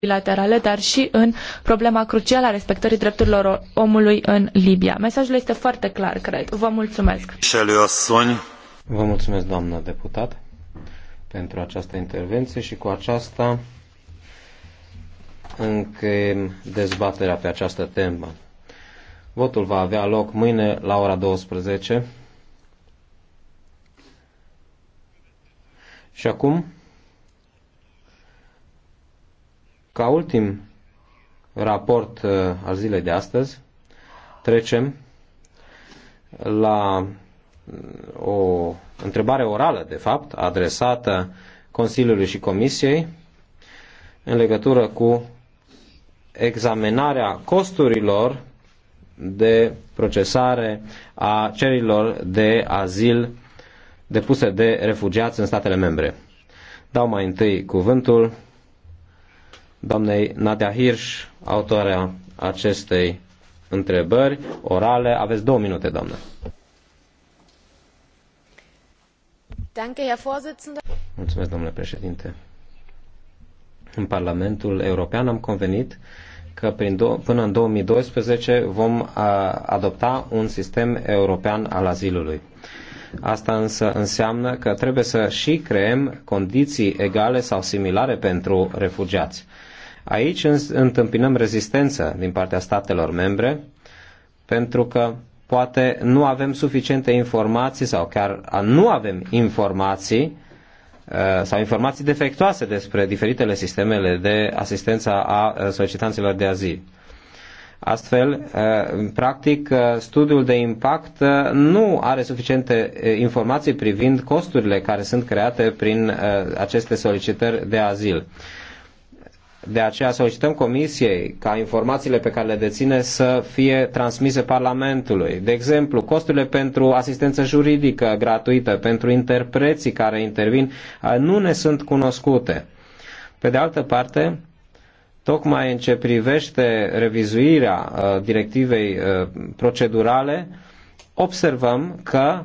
bilaterale, dar și în problema crucială a respectării drepturilor omului în Libia. Mesajul este foarte clar, cred. Vă mulțumesc. Vă mulțumesc, doamnă deputat, pentru această intervenție și cu aceasta încheiem dezbaterea pe această temă. Votul va avea loc mâine la ora 12. Și acum Ca ultim raport uh, al zilei de astăzi, trecem la mm, o întrebare orală, de fapt, adresată Consiliului și Comisiei în legătură cu examinarea costurilor de procesare a cerilor de azil depuse de refugiați în statele membre. Dau mai întâi cuvântul doamnei Nadia Hirsch, autoarea acestei întrebări orale. Aveți două minute, doamnă. Mulțumesc, domnule președinte. În Parlamentul European am convenit că prin do- până în 2012 vom a, adopta un sistem european al azilului. Asta însă înseamnă că trebuie să și creăm condiții egale sau similare pentru refugiați. Aici întâmpinăm rezistență din partea statelor membre, pentru că poate nu avem suficiente informații sau chiar nu avem informații uh, sau informații defectuoase despre diferitele sistemele de asistență a uh, solicitanților de azil. Astfel, uh, practic, studiul de impact nu are suficiente informații privind costurile care sunt create prin aceste solicitări de azil. De aceea solicităm Comisiei ca informațiile pe care le deține să fie transmise Parlamentului. De exemplu, costurile pentru asistență juridică gratuită, pentru interpreții care intervin, nu ne sunt cunoscute. Pe de altă parte, tocmai în ce privește revizuirea directivei procedurale, observăm că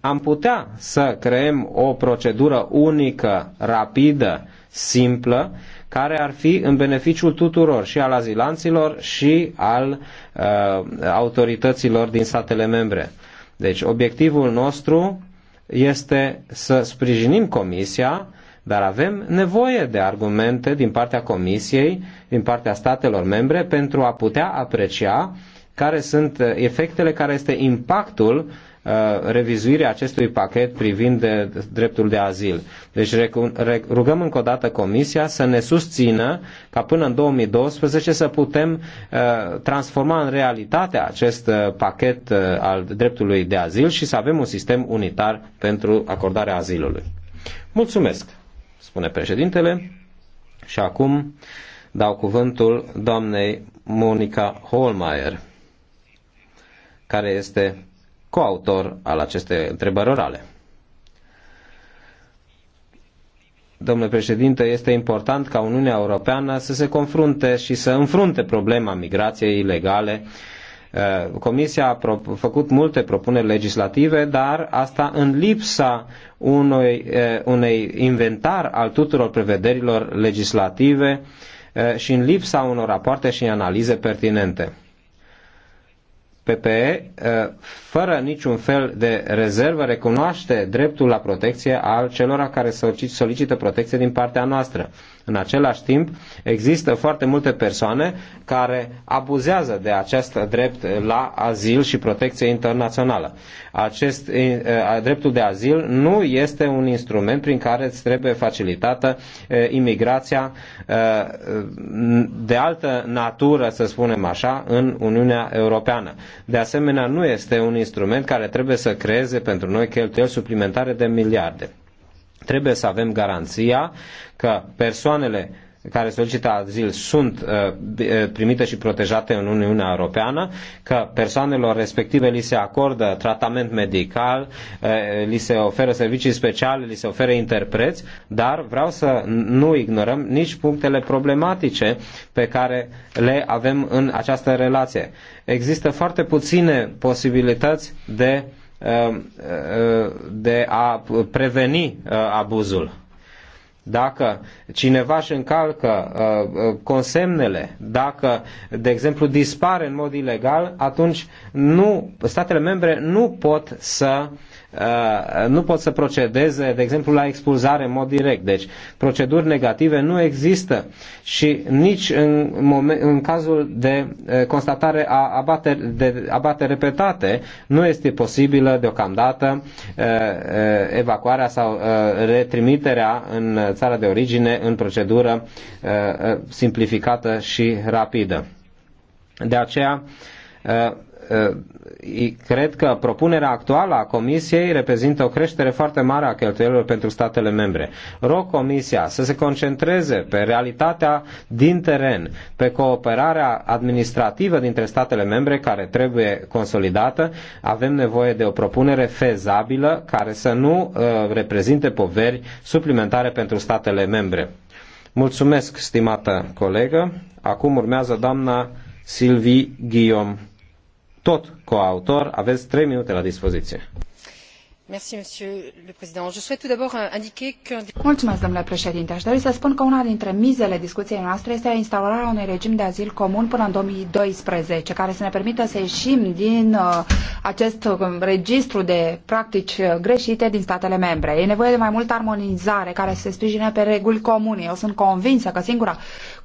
am putea să creăm o procedură unică, rapidă, simplă, care ar fi în beneficiul tuturor, și al azilanților și al uh, autorităților din statele membre. Deci obiectivul nostru este să sprijinim Comisia, dar avem nevoie de argumente din partea Comisiei, din partea statelor membre, pentru a putea aprecia care sunt efectele, care este impactul uh, Uh, revizuirea acestui pachet privind de dreptul de azil. Deci rugăm încă o dată Comisia să ne susțină ca până în 2012 să putem uh, transforma în realitate acest uh, pachet al dreptului de azil și să avem un sistem unitar pentru acordarea azilului. Mulțumesc, spune președintele. Și acum dau cuvântul doamnei Monica Holmeier, care este coautor al acestei întrebări orale. Domnule președinte, este important ca Uniunea Europeană să se confrunte și să înfrunte problema migrației ilegale. Uh, Comisia a făcut multe propuneri legislative, dar asta în lipsa unui, uh, unei inventar al tuturor prevederilor legislative uh, și în lipsa unor rapoarte și analize pertinente. PPE, uh, fără niciun fel de rezervă, recunoaște dreptul la protecție al celor care solicită protecție din partea noastră. În același timp, există foarte multe persoane care abuzează de acest drept la azil și protecție internațională. Acest, eh, dreptul de azil nu este un instrument prin care îți trebuie facilitată eh, imigrația eh, de altă natură, să spunem așa, în Uniunea Europeană. De asemenea, nu este un instrument care trebuie să creeze pentru noi cheltuieli suplimentare de miliarde. Trebuie să avem garanția că persoanele care solicită azil sunt uh, primite uh, și protejate în Uniunea Europeană, că persoanelor respective li se acordă tratament medical, uh, li se oferă servicii speciale, li se oferă interpreți, dar vreau să nu ignorăm nici punctele problematice pe care le avem în această relație. Există foarte puține posibilități de uh, Um, uh, de a preveni uh, abuzul. Dacă cineva își încalcă uh, consemnele, dacă, de exemplu, dispare în mod ilegal, atunci nu, statele membre nu pot să uh, Uh, nu pot să procedeze, de exemplu, la expulzare în mod direct. Deci, proceduri negative nu există și nici în, moment, în cazul de uh, constatare a abateri, de abateri repetate nu este posibilă deocamdată uh, evacuarea sau retrimiterea în țara de origine în procedură simplificată și rapidă. De aceea, Uh, cred că propunerea actuală a Comisiei reprezintă o creștere foarte mare a cheltuielilor pentru statele membre. Rog Comisia să se concentreze pe realitatea din teren, pe cooperarea administrativă dintre statele membre care trebuie consolidată. Avem nevoie de o propunere fezabilă care să nu uh, reprezinte poveri suplimentare pentru statele membre. Mulțumesc, stimată colegă. Acum urmează doamna Silvi Guillaume tot coautor. Aveți trei minute la dispoziție. Euh, Mulțumesc, domnule președinte. Aș dori să spun că una dintre mizele discuției noastre este instaurarea unui regim de azil comun până în 2012, care să ne permită să ieșim din uh, acest uh, registru de practici uh, greșite din statele membre. E nevoie de mai multă armonizare care să se sprijine pe reguli comune. Eu sunt convinsă că singura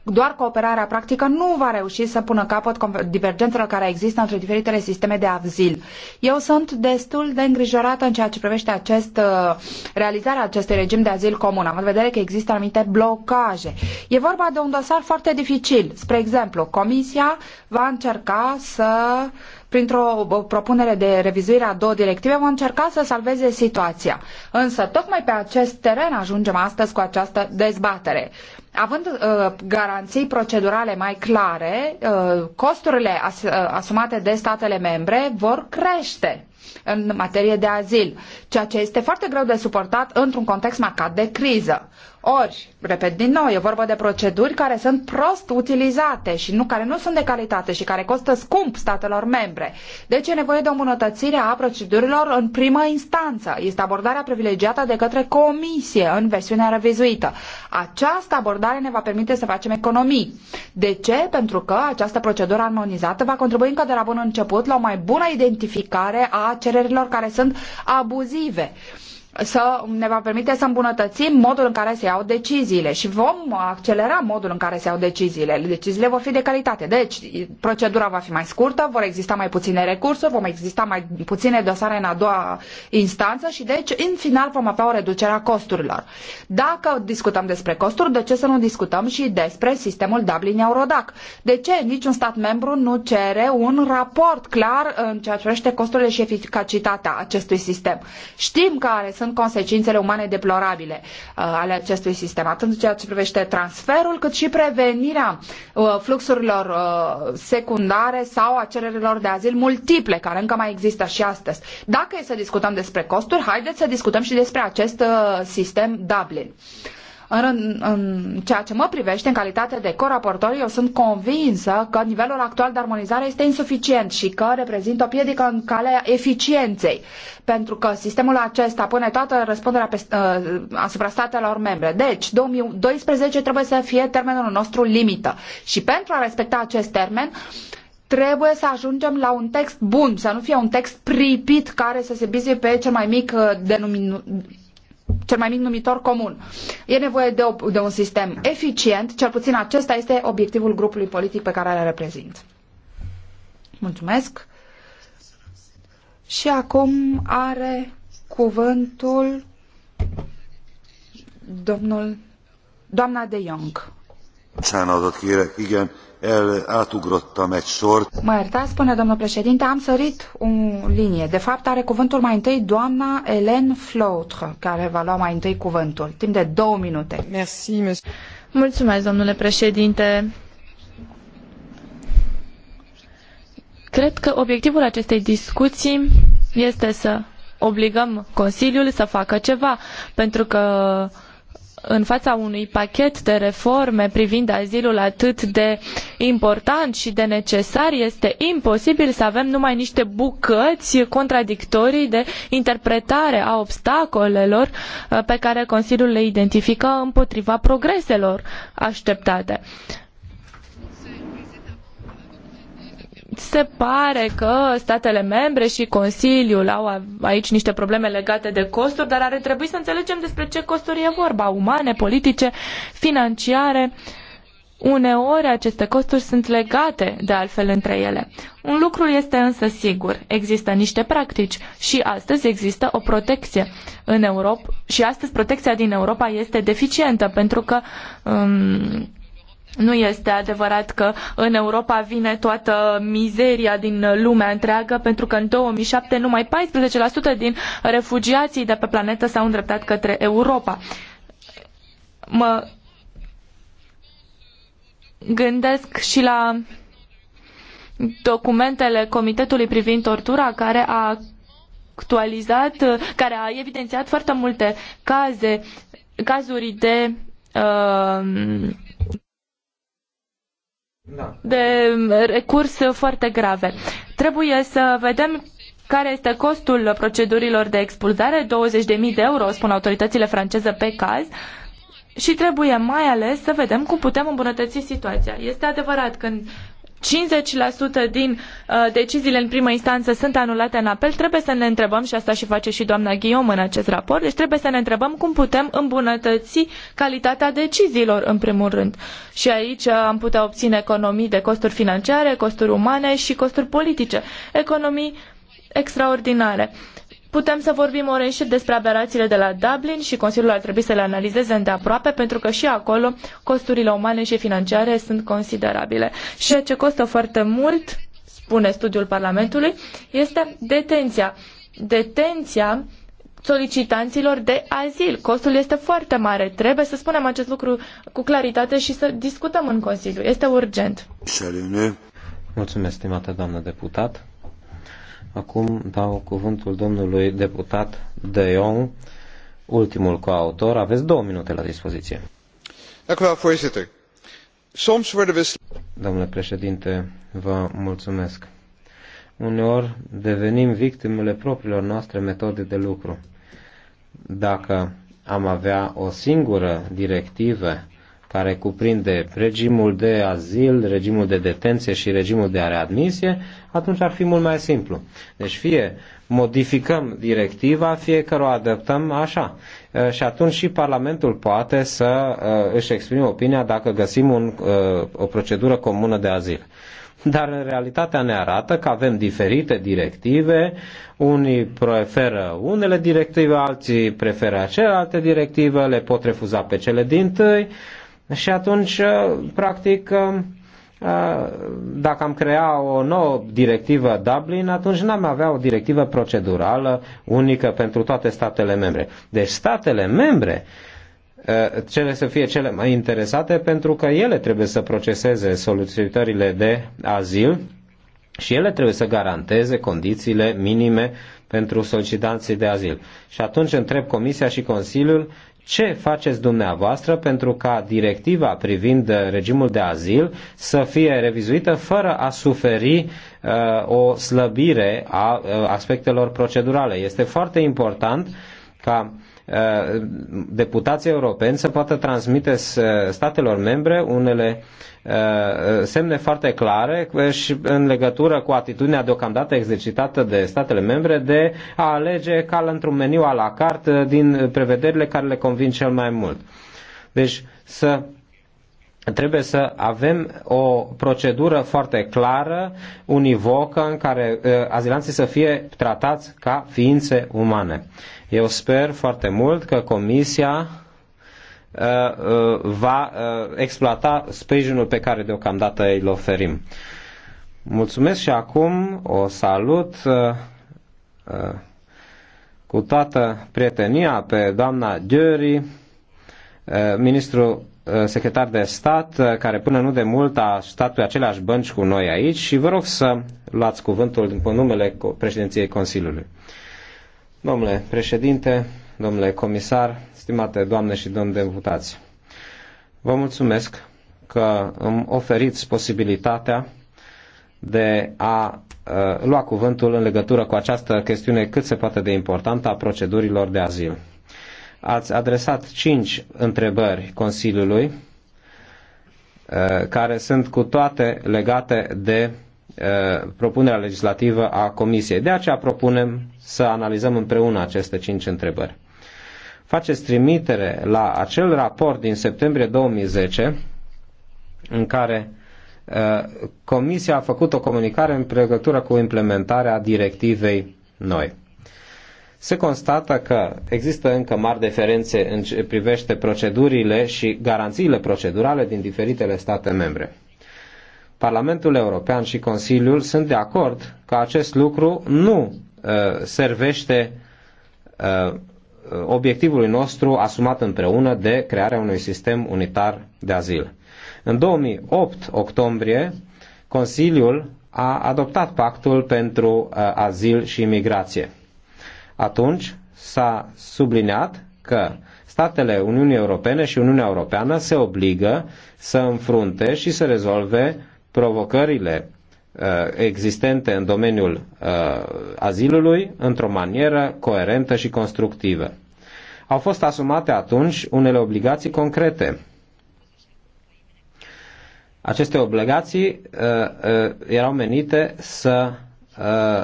doar cooperarea practică nu va reuși să pună capăt divergențelor care există între diferitele sisteme de azil. Eu sunt destul de îngrijorată în ceea ce privește acest, uh, realizarea acestui regim de azil comun. având în vedere că există anumite blocaje. E vorba de un dosar foarte dificil. Spre exemplu, Comisia va încerca să uh, printr-o propunere de revizuire a două directive, vom încerca să salveze situația. Însă, tocmai pe acest teren ajungem astăzi cu această dezbatere. Având uh, garanții procedurale mai clare, uh, costurile as, uh, asumate de statele membre vor crește în materie de azil, ceea ce este foarte greu de suportat într-un context marcat de criză. Ori, repet din nou, e vorba de proceduri care sunt prost utilizate și nu, care nu sunt de calitate și care costă scump statelor membre. Deci e nevoie de o îmbunătățire a procedurilor în primă instanță. Este abordarea privilegiată de către comisie în versiunea revizuită. Această abordare ne va permite să facem economii. De ce? Pentru că această procedură armonizată va contribui încă de la bun început la o mai bună identificare a a cererilor care sunt abuzive. Uh, să ne va permite să îmbunătățim modul în care se iau deciziile și vom accelera modul în care se iau deciziile. Deciziile vor fi de calitate. Deci, procedura va fi mai scurtă, vor exista mai puține recursuri, vom exista mai puține dosare în a doua instanță și deci, în final, vom avea o reducere a costurilor. Dacă discutăm despre costuri, de ce să nu discutăm și despre sistemul Dublin-Eurodac? De ce niciun stat membru nu cere un raport clar în ceea ce privește costurile și eficacitatea acestui sistem? Știm care sunt sunt consecințele umane deplorabile uh, ale acestui sistem, atât în ceea ce privește transferul, cât și prevenirea uh, fluxurilor uh, secundare sau a cererilor de azil multiple, care încă mai există și astăzi. Dacă e să discutăm despre costuri, haideți să discutăm și despre acest sistem Dublin. Uh, în, în ceea ce mă privește, în calitate de coraportor, eu sunt convinsă că nivelul actual de armonizare este insuficient și că reprezintă o piedică în calea eficienței, pentru că sistemul acesta pune toată răspunderea pe, uh, asupra statelor membre. Deci, 2012 trebuie să fie termenul nostru limită și pentru a respecta acest termen, trebuie să ajungem la un text bun, să nu fie un text pripit care să se bizuie pe cel mai mic uh, denumit cel mai mic numitor comun. E nevoie de, o, de un sistem eficient, cel puțin acesta este obiectivul grupului politic pe care îl reprezint. Mulțumesc. Și acum are cuvântul domnul, doamna de Jong. Bocsánat, kérek, igen, átugrottam egy sort. Mă iertați, spune domnul președinte, am sărit o linie. De fapt, are cuvântul mai întâi doamna Hélène Flotre, care va lua mai întâi cuvântul, timp de două minute. Merci, Mulțumesc, domnule președinte. Cred că obiectivul acestei discuții este să obligăm Consiliul să facă ceva, pentru că în fața unui pachet de reforme privind azilul atât de important și de necesar, este imposibil să avem numai niște bucăți contradictorii de interpretare a obstacolelor uh, pe care Consiliul le identifică împotriva progreselor așteptate. se pare că statele membre și Consiliul au aici niște probleme legate de costuri, dar ar trebui să înțelegem despre ce costuri e vorba, umane, politice, financiare. Uneori aceste costuri sunt legate de altfel între ele. Un lucru este însă sigur, există niște practici și astăzi există o protecție în Europa și astăzi protecția din Europa este deficientă pentru că um, nu este adevărat că în Europa vine toată mizeria din lumea întreagă, pentru că în 2007 numai 14% din refugiații de pe planetă s-au îndreptat către Europa. Mă gândesc și la documentele Comitetului privind tortura care a actualizat, care a evidențiat foarte multe caze, cazuri de uh, da. de recurs foarte grave. Trebuie să vedem care este costul procedurilor de expulzare, 20.000 de euro, spun autoritățile franceze pe caz, și trebuie mai ales să vedem cum putem îmbunătăți situația. Este adevărat, când 50% din uh, deciziile în primă instanță sunt anulate în apel, trebuie să ne întrebăm, și asta și face și doamna Ghiom în acest raport, deci trebuie să ne întrebăm cum putem îmbunătăți calitatea deciziilor în primul rând. Și aici uh, am putea obține economii de costuri financiare, costuri umane și costuri politice. Economii extraordinare. Uh, Putem să vorbim ore și despre aberațiile de la Dublin și Consiliul ar trebui să le analizeze îndeaproape pentru că și acolo costurile umane și financiare sunt considerabile. Și ce costă foarte mult, spune studiul Parlamentului, este detenția. Detenția solicitanților de azil. Costul este foarte mare. Trebuie să spunem acest lucru cu claritate și să discutăm în Consiliu. Este urgent. Mulțumesc, stimată doamnă deputat. Acum dau cuvântul domnului deputat De Jong, ultimul coautor. Aveți două minute la dispoziție. Domnule președinte, vă mulțumesc. Uneori devenim victimele propriilor noastre metode de lucru. Dacă am avea o singură directivă care cuprinde regimul de azil, regimul de detenție și regimul de readmisie, atunci ar fi mult mai simplu. Deci fie modificăm directiva, fie că o adaptăm așa. Și atunci și Parlamentul poate să își exprime opinia dacă găsim un, o procedură comună de azil dar în realitatea ne arată că avem diferite directive, unii preferă unele directive, alții preferă celelalte directive, le pot refuza pe cele din tâi, și atunci, uh, practic, uh, uh, dacă am crea o nouă directivă Dublin, atunci n-am avea o directivă procedurală unică pentru toate statele membre. Deci statele membre cele să fie cele mai interesate pentru că ele trebuie să proceseze solicitările de azil și ele trebuie să garanteze condițiile minime pentru solicitanții de azil. Și atunci întreb Comisia și Consiliul ce faceți dumneavoastră pentru ca directiva privind regimul de azil să fie revizuită fără a suferi uh, o slăbire a uh, aspectelor procedurale. Este foarte important ca uh, deputații europeni să poată transmite uh, statelor membre unele uh, Uh, semne foarte clare și în legătură cu atitudinea deocamdată exercitată de statele membre de a alege cal într-un meniu a la carte din prevederile care le convin cel mai mult. Deci să trebuie să avem o procedură foarte clară, univocă, în care uh, azilanții să fie tratați ca ființe umane. Eu sper foarte mult că Comisia Uh, uh, va uh, exploata sprijinul pe care deocamdată îl oferim. Mulțumesc și acum o salut cu toată prietenia pe doamna Gheori, ministru secretar de stat, care până nu de mult a stat pe aceleași bănci cu noi aici și vă rog să luați cuvântul după numele președinției Consiliului. Domnule președinte, domnule comisar, stimate doamne și domni deputați, vă mulțumesc că îmi oferiți posibilitatea de a uh, lua cuvântul în legătură cu această chestiune cât se poate de importantă a procedurilor de azil. Ați adresat cinci întrebări Consiliului, uh, care sunt cu toate legate de Uh, propunerea legislativă a Comisiei. De aceea propunem să analizăm împreună aceste cinci întrebări. Faceți trimitere la acel raport din septembrie 2010 în care uh, Comisia a făcut o comunicare în pregătură cu implementarea directivei noi. Se constată că există încă mari diferențe în ce privește procedurile și garanțiile procedurale din diferitele state membre. Parlamentul European și Consiliul sunt de acord că acest lucru nu uh, servește uh, obiectivului nostru asumat împreună de crearea unui sistem unitar de azil. În 2008 octombrie, Consiliul a adoptat pactul pentru uh, azil și imigrație. Atunci s-a subliniat că statele Uniunii Europene și Uniunea Europeană se obligă să înfrunte și să rezolve provocările uh, existente în domeniul uh, azilului într-o manieră coerentă și constructivă. Au fost asumate atunci unele obligații concrete. Aceste obligații uh, erau menite să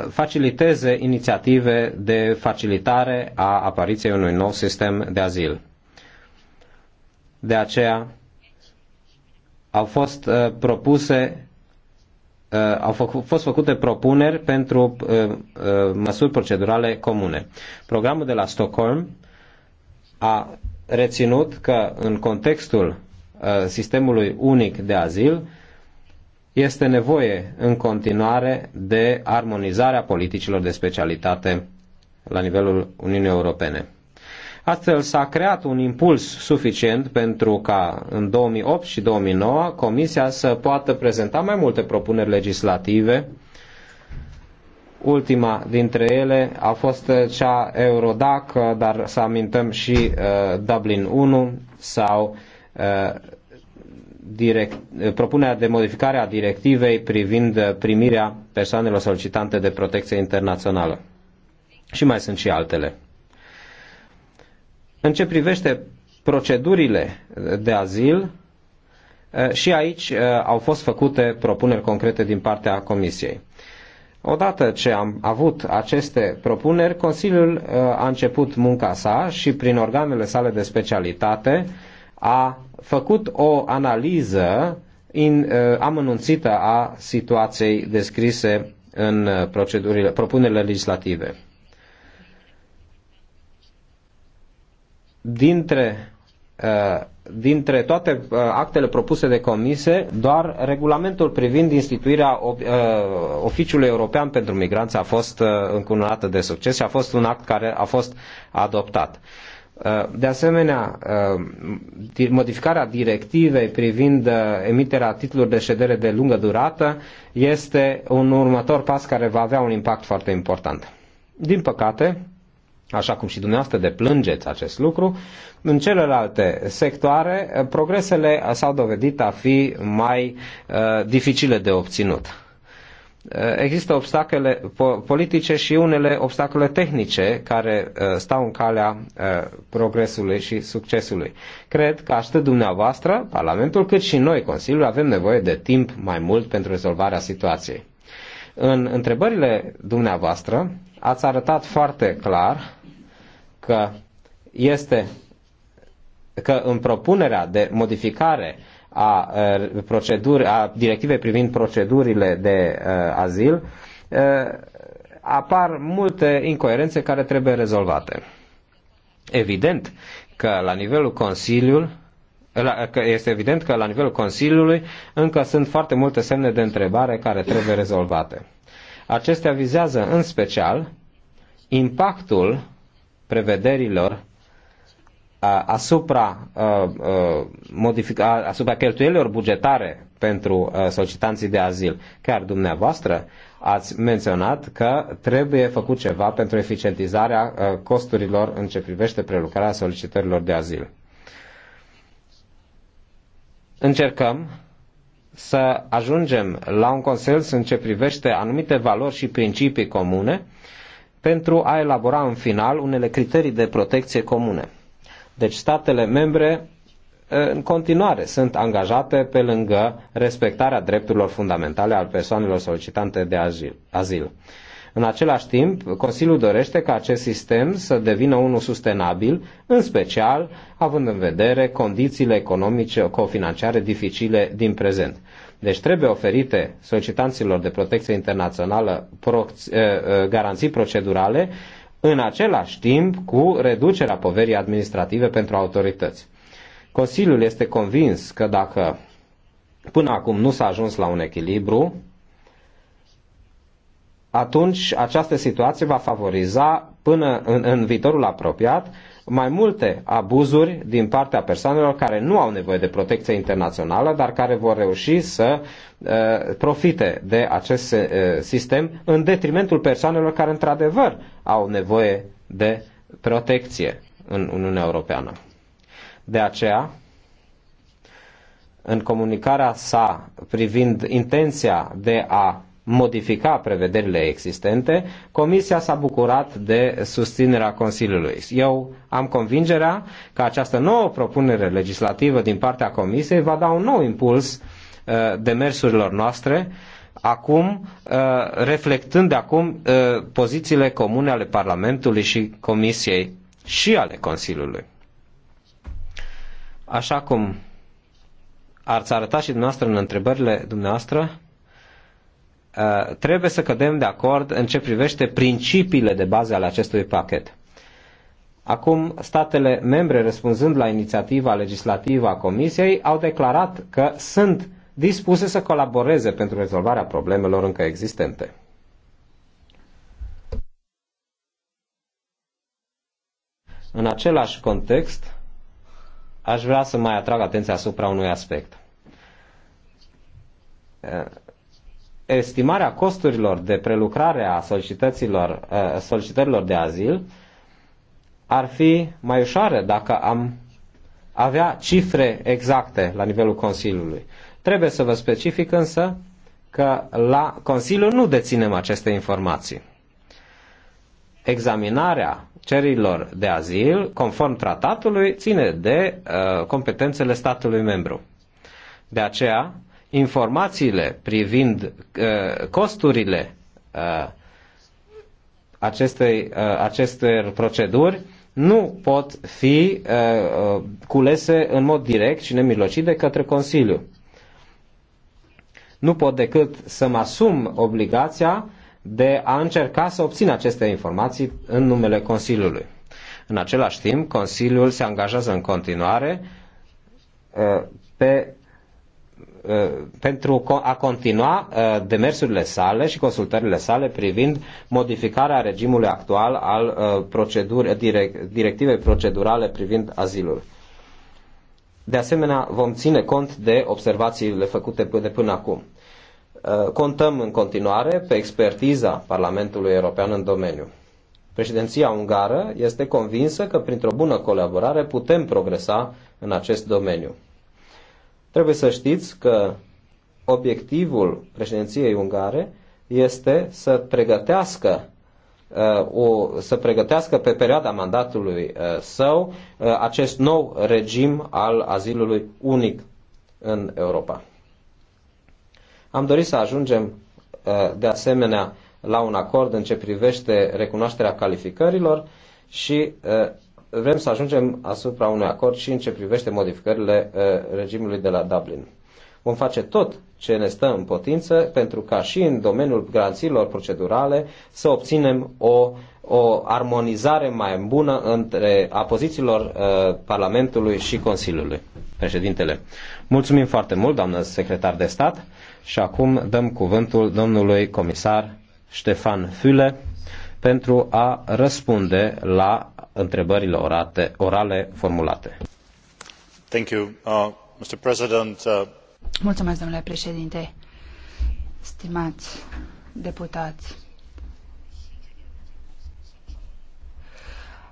faciliteze inițiative de facilitare a apariției unui nou sistem de azil. De aceea, au fost uh, propuse uh, au fost făcute propuneri pentru uh, măsuri procedurale comune. Programul de la Stockholm a reținut că în contextul sistemului unic de azil este nevoie în continuare de armonizarea politicilor de specialitate la nivelul Uniunii Europene. Astfel s-a creat un impuls suficient pentru ca în 2008 și 2009 Comisia să poată prezenta mai multe propuneri legislative. Ultima dintre ele a fost cea Eurodac, dar să amintăm și uh, Dublin 1 sau uh, direct, propunerea de modificare a directivei privind primirea persoanelor solicitante de protecție internațională. Și mai sunt și altele. În ce privește procedurile de azil, eh, și aici eh, au fost făcute propuneri concrete din partea Comisiei. Odată ce am avut aceste propuneri, Consiliul eh, a început munca sa și prin organele sale de specialitate a făcut o analiză in, amănunțită a situației descrise în procedurile, propunerile legislative. dintre, uh, dintre toate uh, actele propuse de comise, doar regulamentul privind instituirea uh, Oficiului European pentru Migranți a fost încununată de succes și a fost un act care a fost adoptat. De asemenea, modificarea directivei privind emiterea titlurilor de ședere de lungă durată este un următor pas care va avea un impact foarte important. Din păcate, așa cum și dumneavoastră deplângeți acest lucru, în celelalte sectoare progresele uh, s-au dovedit a fi mai uh, dificile de obținut. Uh, există obstacole politice și unele obstacole tehnice care uh, stau în calea progresului și succesului. Cred că atât dumneavoastră, Parlamentul, cât și noi, Consiliul, avem nevoie de timp mai mult pentru rezolvarea situației. În întrebările dumneavoastră, ați arătat foarte clar că este că în propunerea de modificare a, proceduri, a directivei privind procedurile de uh, azil uh, apar multe incoerențe care trebuie rezolvate. Evident că la nivelul Consiliului că este evident că la nivelul Consiliului încă sunt foarte multe semne de întrebare care trebuie rezolvate. Acestea vizează în special impactul prevederilor asupra, asupra cheltuielilor bugetare pentru solicitanții de azil. Chiar dumneavoastră ați menționat că trebuie făcut ceva pentru eficientizarea costurilor în ce privește prelucrarea solicitărilor de azil. Încercăm să ajungem la un consens în ce privește anumite valori și principii comune pentru a elabora în final unele criterii de protecție comune. Deci statele membre ă, în continuare sunt angajate pe lângă respectarea drepturilor fundamentale al persoanelor solicitante de azil. În același timp, Consiliul dorește ca acest sistem să devină unul sustenabil, în special având în vedere condițiile economice cofinanciare dificile din prezent. Deci trebuie oferite solicitanților de protecție internațională eh, eh, garanții procedurale, în același timp cu reducerea poverii administrative pentru autorități. Consiliul este convins că dacă până acum nu s-a ajuns la un echilibru, atunci această situație va favoriza până în, în viitorul apropiat mai multe abuzuri din partea persoanelor care nu au nevoie de protecție internațională, dar care vor reuși să uh, profite de acest uh, sistem în detrimentul persoanelor care într-adevăr au nevoie de protecție în Uniunea Europeană. De aceea, în comunicarea sa privind intenția de a modifica prevederile existente, Comisia s-a bucurat de susținerea Consiliului. Eu am convingerea că această nouă propunere legislativă din partea Comisiei va da un nou impuls uh, demersurilor noastre, acum uh, reflectând de acum uh, pozițiile comune ale Parlamentului și Comisiei și ale Consiliului. Așa cum ați arătat și dumneavoastră în întrebările dumneavoastră, Uh, trebuie să cădem de acord în ce privește principiile de bază ale acestui pachet. Acum, statele membre, răspunzând la inițiativa legislativă a Comisiei, au declarat că sunt dispuse să colaboreze pentru rezolvarea problemelor încă existente. În același context, aș vrea să mai atrag atenția asupra unui aspect. Uh, estimarea costurilor de prelucrare a solicităților, eh, solicitărilor de azil ar fi mai ușoară dacă am avea cifre exacte la nivelul Consiliului. Trebuie să vă specific însă că la Consiliu nu deținem aceste informații. Examinarea cerilor de azil, conform tratatului, ține de uh, competențele statului membru. De aceea, informațiile privind uh, costurile uh, acestei, uh, acestor proceduri nu pot fi culese în mod direct și nemilocit de către Consiliu. Nu pot decât să mă asum obligația de a încerca să obțin aceste informații în numele Consiliului. În același timp, Consiliul se angajează în continuare pe Uh, pentru a continua uh, demersurile sale și consultările sale privind modificarea regimului actual al uh, procedur, directivei procedurale privind azilul. De asemenea, vom ține cont de observațiile făcute de până acum. Contăm în continuare pe expertiza Parlamentului European în domeniu. Președinția ungară este convinsă că printr-o bună colaborare putem progresa în acest domeniu. Trebuie să știți că obiectivul președinției ungare este să pregătească uh, o, să pregătească pe perioada mandatului uh, său uh, acest nou regim al azilului unic în Europa. Am dorit să ajungem de asemenea la un acord în ce privește recunoașterea calificărilor și vrem să ajungem asupra unui acord și în ce privește modificările eh, regimului de la Dublin. Vom face tot ce ne stă în potință pentru ca și în domeniul garanțiilor procedurale să obținem o, o armonizare mai bună între a pozițiilor uh, Parlamentului și Consiliului. Președintele, mulțumim foarte mult, doamnă secretar de stat, și acum dăm cuvântul domnului comisar Ștefan Füle pentru a răspunde la întrebările orate, orale formulate. Thank you, uh, Mr. President. Uh... Mulțumesc, domnule președinte. Stimați deputați,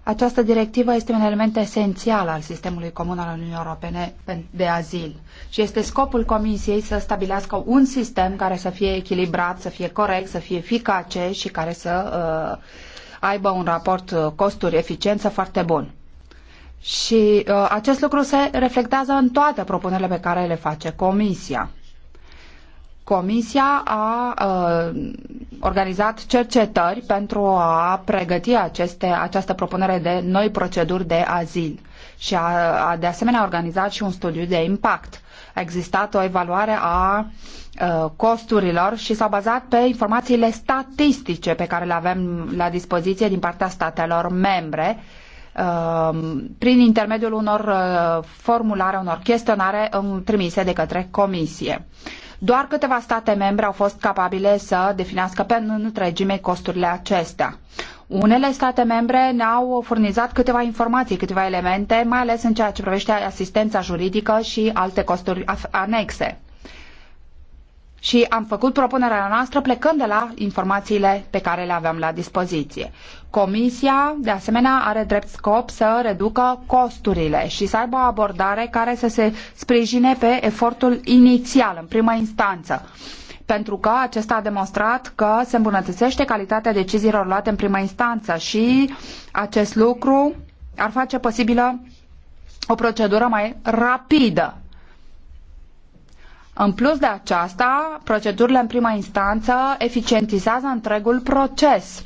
Această directivă este un element esențial al sistemului comun al Uniunii Europene de azil și este scopul Comisiei să stabilească un sistem care să fie echilibrat, să fie corect, să fie eficace și care să uh, aibă un raport uh, costuri-eficiență foarte bun. Și uh, acest lucru se reflectează în toate propunerile pe care le face Comisia. Comisia a uh, organizat cercetări pentru a pregăti aceste, această propunere de noi proceduri de azil și a, a de asemenea organizat și un studiu de impact. A existat o evaluare a uh, costurilor și s-au bazat pe informațiile statistice pe care le avem la dispoziție din partea statelor membre uh, prin intermediul unor uh, formulare, unor chestionare um, trimise de către comisie. Doar câteva state membre au fost capabile să definească pe întregime costurile acestea. Unele state membre ne-au furnizat câteva informații, câteva elemente, mai ales în ceea ce privește asistența juridică și alte costuri anexe și am făcut propunerea noastră plecând de la informațiile pe care le aveam la dispoziție. Comisia, de asemenea, are drept scop să reducă costurile și să aibă o abordare care să se sprijine pe efortul inițial, în prima instanță pentru că acesta a demonstrat că se îmbunătățește calitatea deciziilor luate în prima instanță și acest lucru ar face posibilă o procedură mai rapidă în plus de aceasta, procedurile în prima instanță eficientizează întregul proces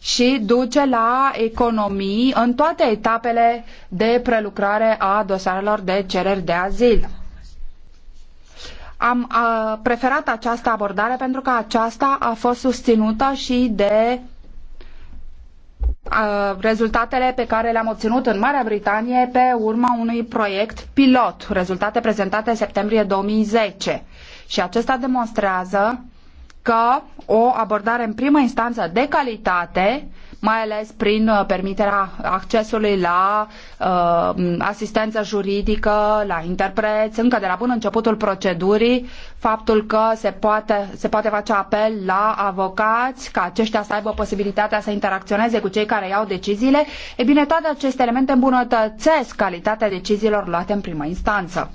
și duce la economii în toate etapele de prelucrare a dosarelor de cereri de azil. Am preferat această abordare pentru că aceasta a fost susținută și de rezultatele pe care le-am obținut în Marea Britanie pe urma unui proiect pilot, rezultate prezentate în septembrie 2010. Și acesta demonstrează că o abordare în primă instanță de calitate mai ales prin uh, permiterea accesului la uh, asistență juridică, la interpreți, încă de la bun începutul procedurii, faptul că se poate, se poate face apel la avocați, ca aceștia să aibă posibilitatea să interacționeze cu cei care iau deciziile, e bine, toate aceste elemente îmbunătățesc calitatea deciziilor luate în primă instanță.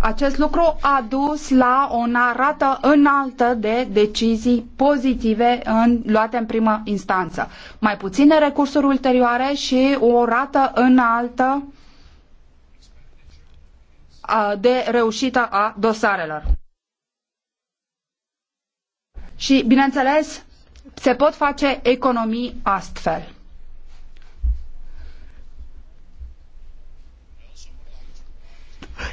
Acest lucru a dus la o rată înaltă de decizii pozitive în, luate în primă instanță. Mai puține recursuri ulterioare și o rată înaltă de reușită a dosarelor. Și, bineînțeles, se pot face economii astfel.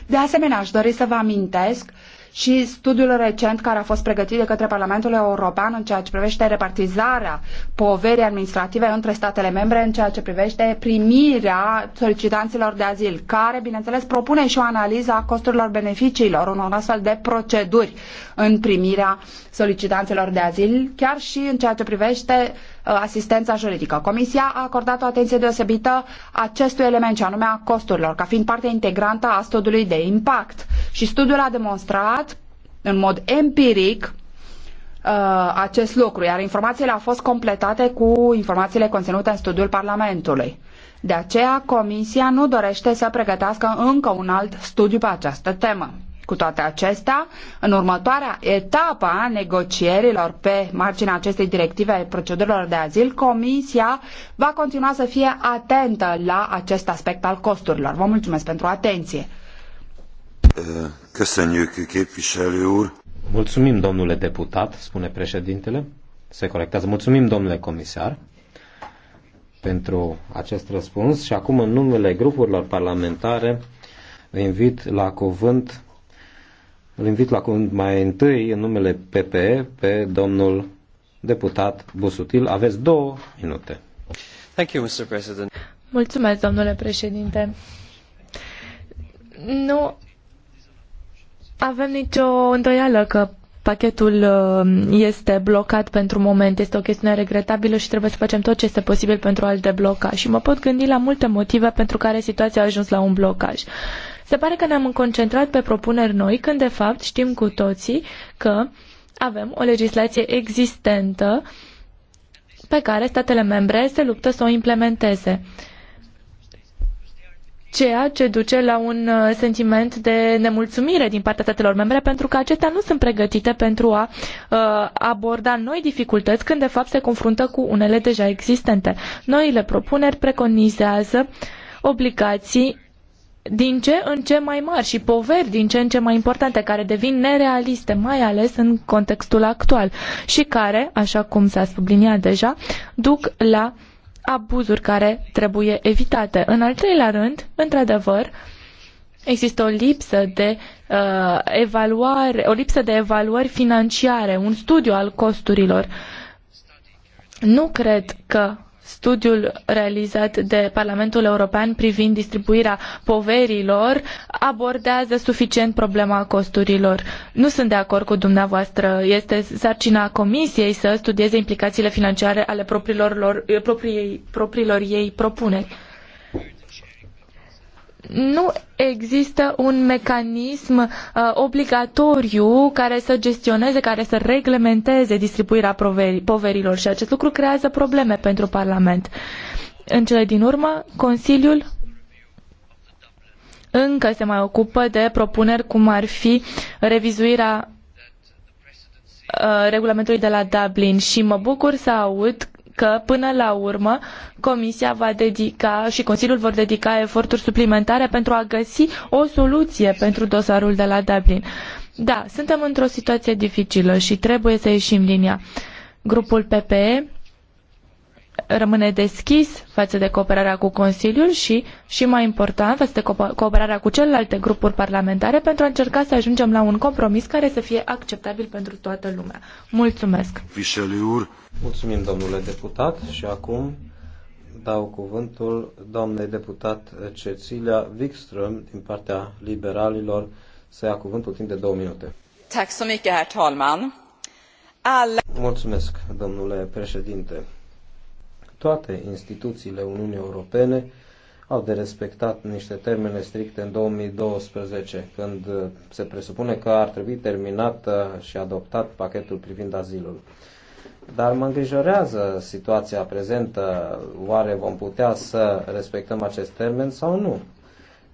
De asemenea, aș dori să vă amintesc și studiul recent care a fost pregătit de către Parlamentul European în ceea ce privește repartizarea poverii administrative între statele membre în ceea ce privește primirea solicitanților de azil, care, bineînțeles, propune și o analiză a costurilor beneficiilor unor astfel de proceduri în primirea solicitanților de azil, chiar și în ceea ce privește Uh, asistența juridică. Comisia a acordat o atenție deosebită acestui element, ce anume a costurilor, ca fiind parte integrantă a studiului de impact. Și studiul a demonstrat în mod empiric uh, acest lucru, iar informațiile au fost completate cu informațiile conținute în studiul Parlamentului. De aceea, Comisia nu dorește să pregătească încă un alt studiu pe această temă. Cu toate acestea, în următoarea etapă a negocierilor pe marginea acestei directive a procedurilor de azil, Comisia va continua să fie atentă la acest aspect al costurilor. Vă mulțumesc pentru atenție. Mulțumim, domnule deputat, spune președintele. Se corectează. Mulțumim, domnule comisar, pentru acest răspuns. Și acum, în numele grupurilor parlamentare, invit la cuvânt îl invit la mai întâi, în numele PPE, pe domnul deputat Busutil. Aveți două minute. Thank you, Mr. President. Mulțumesc, domnule președinte. Nu avem nicio îndoială că pachetul uh, este blocat pentru moment. Este o chestiune regretabilă și trebuie să facem tot ce este posibil pentru a-l debloca. Și mă pot gândi la multe motive pentru care situația a ajuns la un blocaj. Se pare că ne-am concentrat pe propuneri noi, când de fapt știm cu toții că avem o legislație existentă pe care statele membre se luptă să o implementeze ceea ce duce la un uh, sentiment de nemulțumire din partea statelor membre pentru că acestea nu sunt pregătite pentru a uh, aborda noi dificultăți când de fapt se confruntă cu unele deja existente. Noile propuneri preconizează obligații din ce în ce mai mari și poveri din ce în ce mai importante, care devin nerealiste, mai ales în contextul actual și care, așa cum s-a subliniat deja, duc la abuzuri care trebuie evitate. În al treilea rând, într-adevăr, Există o lipsă de uh, evaluare, o lipsă de evaluări financiare, un studiu al costurilor. Nu cred că studiul realizat de Parlamentul European privind distribuirea poverilor abordează suficient problema costurilor. Nu sunt de acord cu dumneavoastră. Este sarcina Comisiei să studieze implicațiile financiare ale propriilor, lor, proprii, propriilor ei propuneri nu există un mecanism uh, obligatoriu care să gestioneze, care să reglementeze distribuirea poverilor și acest lucru creează probleme pentru Parlament. În cele din urmă, Consiliul încă se mai ocupă de propuneri cum ar fi revizuirea uh, regulamentului de la Dublin și mă bucur să aud că până la urmă Comisia va dedica și Consiliul vor dedica eforturi suplimentare pentru a găsi o soluție pentru dosarul de la Dublin. Da, suntem într-o situație dificilă și trebuie să ieșim din ea. Grupul PPE rămâne deschis față de cooperarea cu Consiliul și, și mai important, față de cooperarea cu celelalte grupuri parlamentare pentru a încerca să ajungem la un compromis care să fie acceptabil pentru toată lumea. Mulțumesc! Vișeliur. Mulțumim, domnule deputat, și acum dau cuvântul doamnei deputat Cecilia Wikström din partea liberalilor să ia cuvântul timp de două minute. Mulțumesc, domnule președinte toate instituțiile Uniunii Europene au de respectat niște termene stricte în 2012, când uh, se presupune că ar trebui terminat uh, și adoptat pachetul privind azilul. Dar mă îngrijorează situația prezentă, oare vom putea să respectăm acest termen sau nu?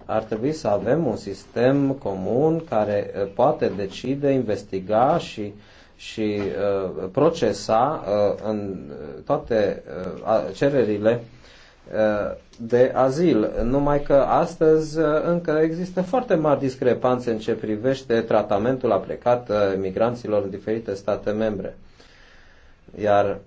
Ar trebui să avem un sistem comun care uh, poate decide, investiga și și uh, procesa uh, în toate uh, cererile uh, de azil, numai că astăzi uh, încă există foarte mari discrepanțe în ce privește tratamentul aplicat uh, migranților în diferite state membre. Iar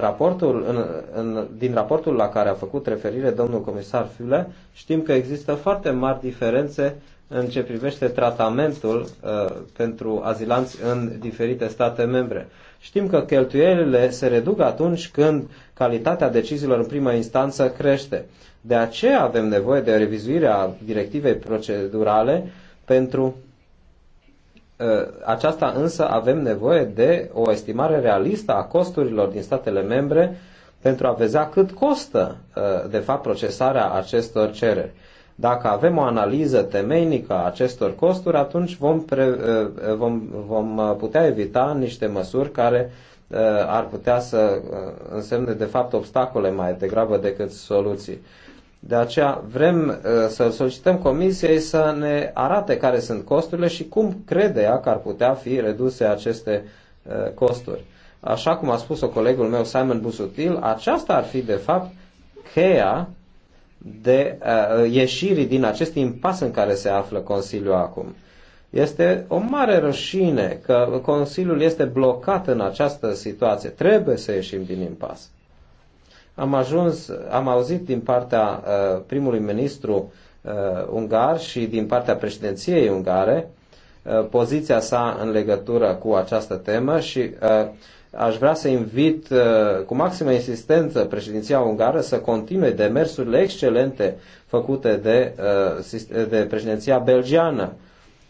raportul, în, în, din raportul la care a făcut referire domnul comisar Fiule, știm că există foarte mari diferențe în ce privește tratamentul uh, pentru azilanți în diferite state membre. Știm că cheltuielile se reduc atunci când calitatea deciziilor în prima instanță crește. De aceea avem nevoie de revizuirea directivei procedurale pentru uh, aceasta însă avem nevoie de o estimare realistă a costurilor din statele membre pentru a vedea cât costă, uh, de fapt, procesarea acestor cereri. Dacă avem o analiză temeinică a acestor costuri, atunci vom, pre, eh, eh, vom, vom eh, putea evita niște măsuri care ar putea să însemne de fapt obstacole mai degrabă decât soluții. De aceea vrem să solicităm comisiei să ne arate care sunt costurile și cum crede ea că ar putea fi reduse aceste costuri. Așa cum a spus-o colegul meu Simon Busutil, aceasta ar fi de fapt cheia de uh, ieșirii din acest impas în care se află Consiliul acum. Este o mare rășine că Consiliul este blocat în această situație. Trebuie să ieșim din impas. Am ajuns, am auzit din partea uh, primului ministru uh, ungar și din partea președinției ungare uh, poziția sa în legătură cu această temă și uh, aș vrea să invit uh, cu maximă insistență președinția ungară să continue demersurile excelente făcute de, uh, de președinția belgiană.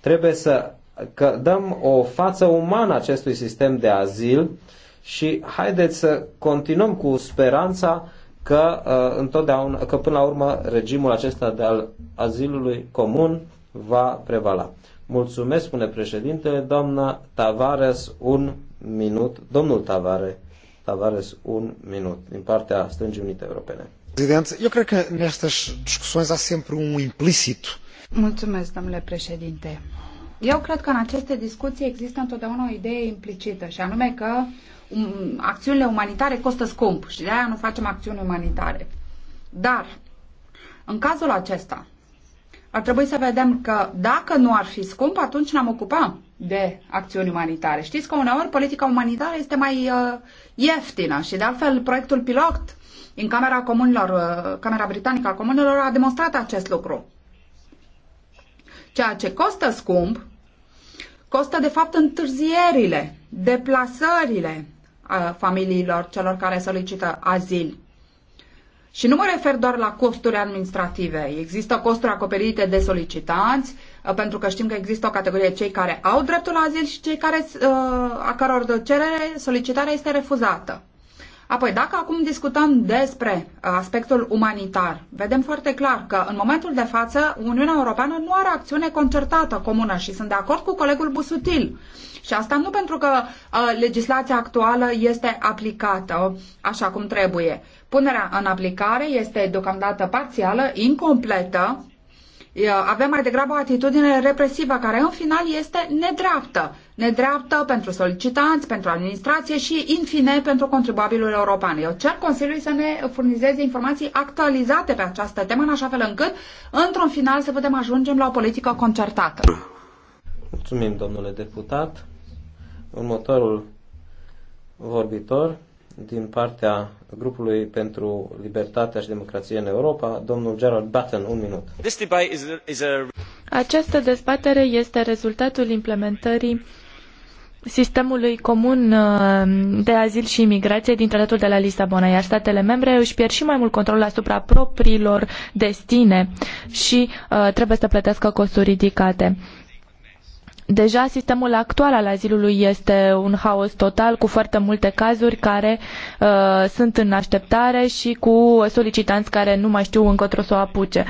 Trebuie să că dăm o față umană acestui sistem de azil și haideți să continuăm cu speranța că, uh, întotdeauna, că până la urmă regimul acesta de al azilului comun va prevala. Mulțumesc, spune președintele, doamna Tavares, un minut. Domnul Tavare, Tavares, un minut, din partea Stângii Unite Europene. Președinte, eu cred că în aceste discuții a sempre un implicit. Mulțumesc, domnule președinte. Eu cred că în aceste discuții există întotdeauna o idee implicită și anume că um, acțiunile umanitare costă scump și de aia nu facem acțiuni umanitare. Dar, în cazul acesta, ar trebui să vedem că dacă nu ar fi scump, atunci ne-am ocupat de acțiuni umanitare. Știți că uneori politica umanitară este mai uh, ieftină și de altfel proiectul pilot în Camera Comunilor, uh, Camera Britanică a Comunilor a demonstrat acest lucru. Ceea ce costă scump, costă de fapt întârzierile, deplasările uh, familiilor celor care solicită azil. Și nu mă refer doar la costuri administrative. Există costuri acoperite de solicitanți, uh, pentru că știm că există o categorie cei care au dreptul la azil și cei care, uh, a căror cerere, solicitarea este refuzată. Apoi, dacă acum discutăm despre uh, aspectul umanitar, vedem foarte clar că în momentul de față Uniunea Europeană nu are acțiune concertată comună și sunt de acord cu colegul Busutil. Și asta nu pentru că uh, legislația actuală este aplicată așa cum trebuie, Punerea în aplicare este deocamdată parțială, incompletă. Avem mai degrabă o atitudine represivă care în final este nedreaptă. Nedreaptă pentru solicitanți, pentru administrație și, în fine, pentru contribuabilul european. Eu cer Consiliului să ne furnizeze informații actualizate pe această temă, în așa fel încât, într-un final, să putem ajungem la o politică concertată. Mulțumim, domnule deputat. Următorul vorbitor din partea grupului pentru libertatea și democrație în Europa, domnul Gerald Batten, un minut. Această dezbatere este rezultatul implementării sistemului comun uh, de azil și imigrație din tratatul de la Lisabona, iar statele membre își pierd și mai mult control asupra propriilor destine și uh, trebuie să plătească costuri ridicate. Deja sistemul actual al azilului este un haos total cu foarte multe cazuri care uh, sunt în așteptare și cu solicitanți care nu mai știu încotro să o apuce.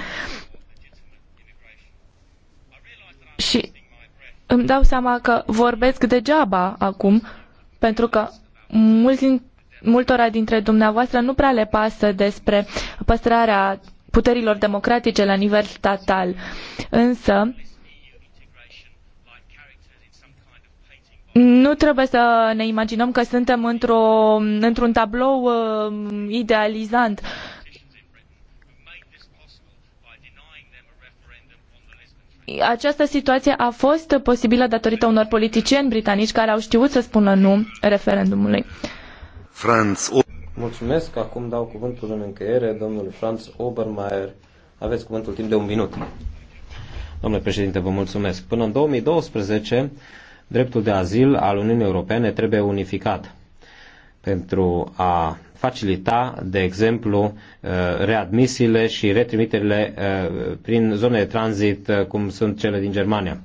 Și îmi dau seama că vorbesc degeaba acum, pentru că mulți, multora dintre dumneavoastră nu prea le pasă despre păstrarea puterilor democratice la nivel statal. Însă, Nu trebuie să ne imaginăm că suntem într-o, într-un tablou uh, idealizant. Această situație a fost posibilă datorită unor politicieni britanici care au știut să spună nu referendumului. Franz o Mulțumesc. Acum dau cuvântul în încheiere domnului Franz Obermeier. Aveți cuvântul timp de un minut. Domnule președinte, vă mulțumesc. Până în 2012, dreptul de azil al Uniunii Europene trebuie unificat pentru a facilita, de exemplu, uh, readmisiile și retrimiterile uh, prin zone de tranzit, uh, cum sunt cele din Germania.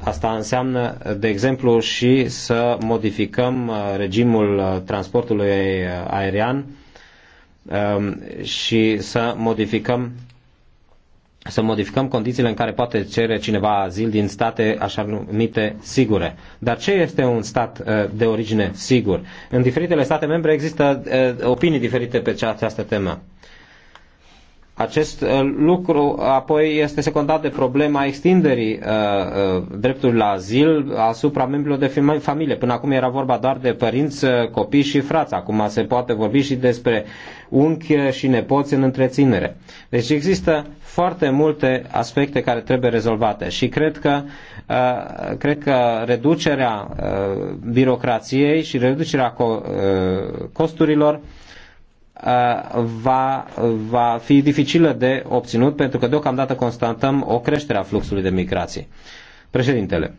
Asta înseamnă, de exemplu, și să modificăm regimul transportului aerian um, și să modificăm să modificăm condițiile în care poate cere cineva azil din state așa numite sigure. Dar ce este un stat uh, de origine sigur? În diferitele state membre există uh, opinii diferite pe această temă. Acest uh, lucru apoi este secundat de problema extinderii uh, uh dreptului la azil asupra membrilor de familie. Până acum era vorba doar de părinți, uh, copii și frați. Acum se poate vorbi și despre unchi și nepoți în întreținere. Deci există foarte multe aspecte care trebuie rezolvate și cred că, uh, cred că reducerea uh, birocrației și reducerea co- uh, costurilor Uh, va, va fi dificilă de obținut pentru că deocamdată constatăm o creștere a fluxului de migrație. Președintele,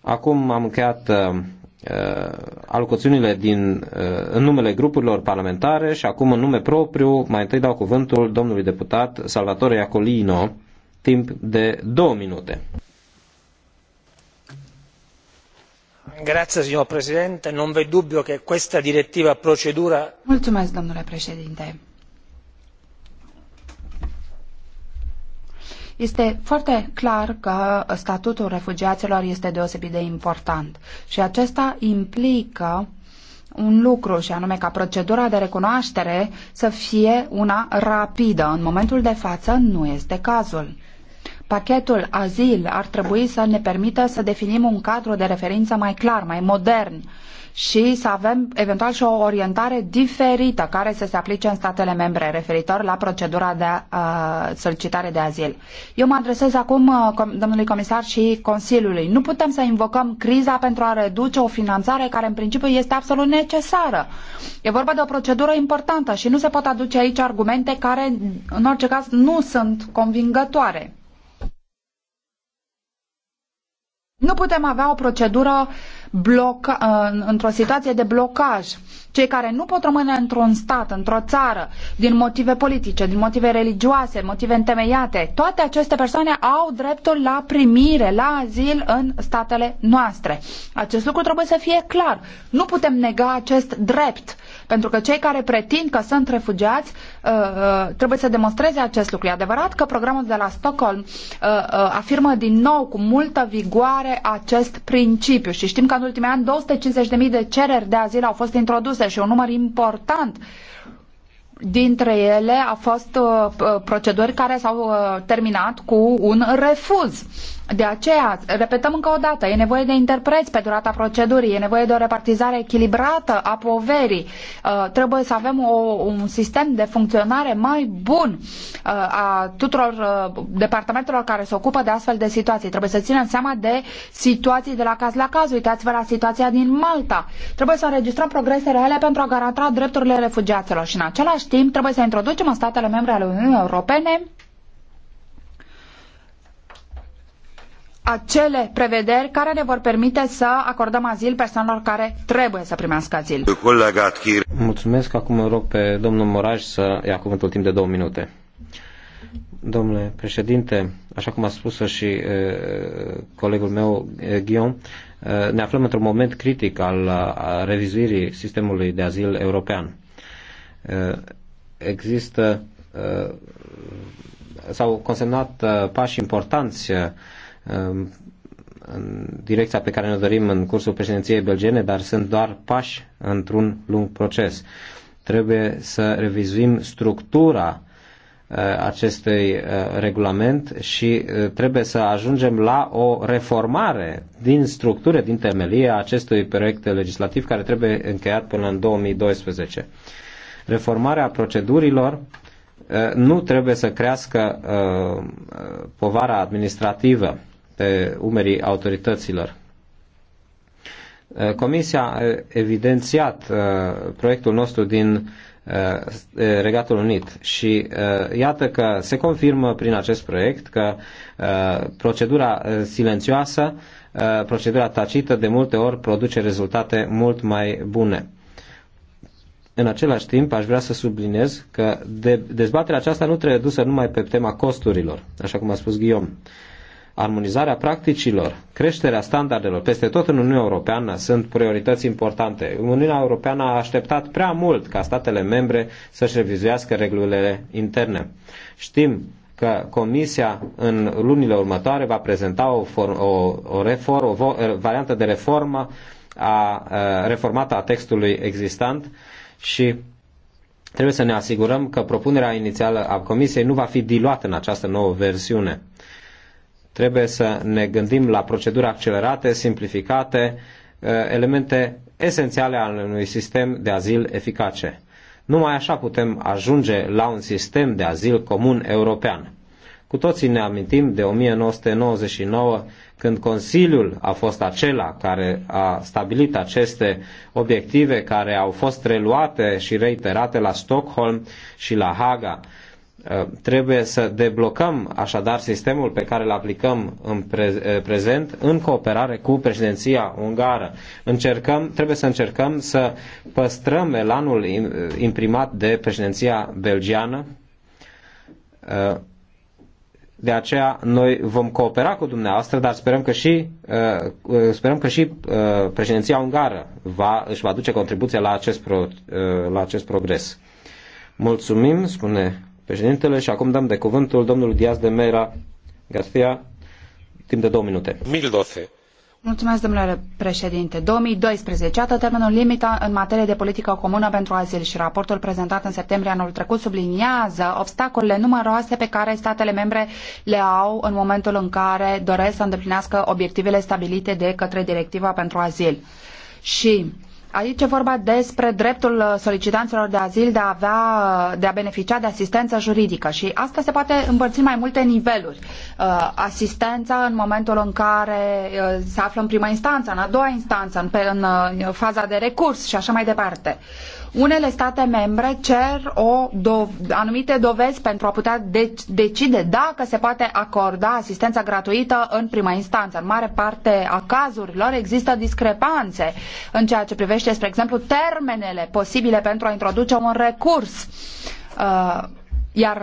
acum am încheiat uh, uh alocuțiunile din, uh, în numele grupurilor parlamentare și acum în nume propriu mai întâi dau cuvântul domnului deputat Salvatore Iacolino timp de două minute. signor presidente non v'è dubbio che questa direttiva procedura. este foarte clar că statutul refugiaților este deosebit de important și acesta implică un lucru și anume ca procedura de recunoaștere să fie una rapidă. În momentul de față nu este cazul pachetul azil ar trebui să ne permită să definim un cadru de referință mai clar, mai modern și să avem eventual și o orientare diferită care să se aplice în statele membre referitor la procedura de uh, solicitare de azil. Eu mă adresez acum uh, domnului comisar și Consiliului. Nu putem să invocăm criza pentru a reduce o finanțare care în principiu este absolut necesară. E vorba de o procedură importantă și nu se pot aduce aici argumente care în orice caz nu sunt convingătoare. Nu putem avea o procedură bloca- uh, într-o situație de blocaj. Cei care nu pot rămâne într-un stat, într-o țară, din motive politice, din motive religioase, motive întemeiate, toate aceste persoane au dreptul la primire, la azil în statele noastre. Acest lucru trebuie să fie clar. Nu putem nega acest drept pentru că cei care pretind că sunt refugiați uh, uh, trebuie să demonstreze acest lucru. E adevărat că programul de la Stockholm uh, afirmă din nou cu multă vigoare acest principiu și știm că în ultimii ani 250.000 de cereri de azil au fost introduse și un număr important dintre ele a fost uh, proceduri care s-au uh, terminat cu un refuz. De aceea, repetăm încă o dată, e nevoie de interpreți pe durata procedurii, e nevoie de o repartizare echilibrată a poverii, uh, trebuie să avem o, un sistem de funcționare mai bun uh, a tuturor uh, departamentelor care se ocupă de astfel de situații. Trebuie să ținem seama de situații de la caz la caz. Uitați-vă la situația din Malta. Trebuie să înregistrăm progrese reale pentru a garanta drepturile refugiaților și în același timp trebuie să introducem în statele membre ale Uniunii Europene acele prevederi care ne vor permite să acordăm azil persoanelor care trebuie să primească azil. Mulțumesc. Acum îl rog pe domnul Moraj să ia cuvântul timp de două minute. Domnule președinte, așa cum a spus și e, colegul meu e, Guillaume, e, ne aflăm într-un moment critic al a, revizuirii sistemului de azil european. E, există e, s-au consemnat pași importanți Um, în direcția pe care ne dorim în cursul președinției belgene, dar sunt doar pași într-un lung proces. Trebuie să revizuim structura uh, acestui uh, regulament și uh, trebuie să ajungem la o reformare din structură, din temelie a acestui proiect legislativ care trebuie încheiat până în 2012. Reformarea procedurilor nu trebuie să crească povara administrativă pe umerii autorităților. Comisia a evidențiat uh, proiectul nostru din uh, Regatul Unit și uh, iată că se confirmă prin acest proiect că procedura silențioasă, procedura tacită de multe ori produce rezultate mult mai bune. În același timp, aș vrea să subliniez că dezbaterea aceasta nu trebuie dusă numai pe tema costurilor, așa cum a spus Guillaume. Armonizarea practicilor, creșterea standardelor peste tot în Uniunea Europeană sunt priorități importante. Uniunea Europeană a așteptat prea mult ca statele membre să-și revizuiască regulile interne. Știm că Comisia în lunile următoare va prezenta o, form, o, o, reform, o eh, variantă de reformă a, a, eh, reformată a textului existant și trebuie să ne asigurăm că propunerea inițială a Comisiei nu va fi diluată în această nouă versiune. Trebuie să ne gândim la proceduri accelerate, simplificate, uh, elemente esențiale ale unui sistem de azil eficace. Numai așa putem ajunge la un sistem de azil comun european. Cu toții ne amintim de 1999, când Consiliul a fost acela care a stabilit aceste obiective care au fost reluate și reiterate la Stockholm și la Haga. Uh, trebuie să deblocăm așadar sistemul pe care îl aplicăm în uh, prezent în cooperare cu președinția ungară. Încercăm, trebuie să încercăm să păstrăm elanul uh, imprimat de președinția belgiană. De aceea noi vom coopera cu dumneavoastră, dar sperăm că și, sperăm că și președinția ungară va, își va aduce contribuția la acest, pro, la acest progres. Mulțumim, spune președintele și acum dăm de cuvântul domnului Diaz de Mera Garcia, timp de două minute. 1012. Mulțumesc, domnule președinte. 2012, atât termenul limită în materie de politică comună pentru azil și raportul prezentat în septembrie anul trecut subliniază obstacolele numeroase pe care statele membre le au în momentul în care doresc să îndeplinească obiectivele stabilite de către directiva pentru azil. Și Aici e vorba despre dreptul uh, solicitanților de azil de a, avea, uh, de a beneficia de asistență juridică și asta se poate împărți în mai multe niveluri. Uh, asistența în momentul în care se află în prima instanță, în a doua instanță, în, faza de recurs și așa mai departe. Unele state membre cer o dov- anumite dovezi pentru a putea de- decide dacă se poate acorda asistența gratuită în prima instanță. În mare parte a cazurilor există discrepanțe în ceea ce privește, spre exemplu, termenele posibile pentru a introduce un recurs. Uh, iar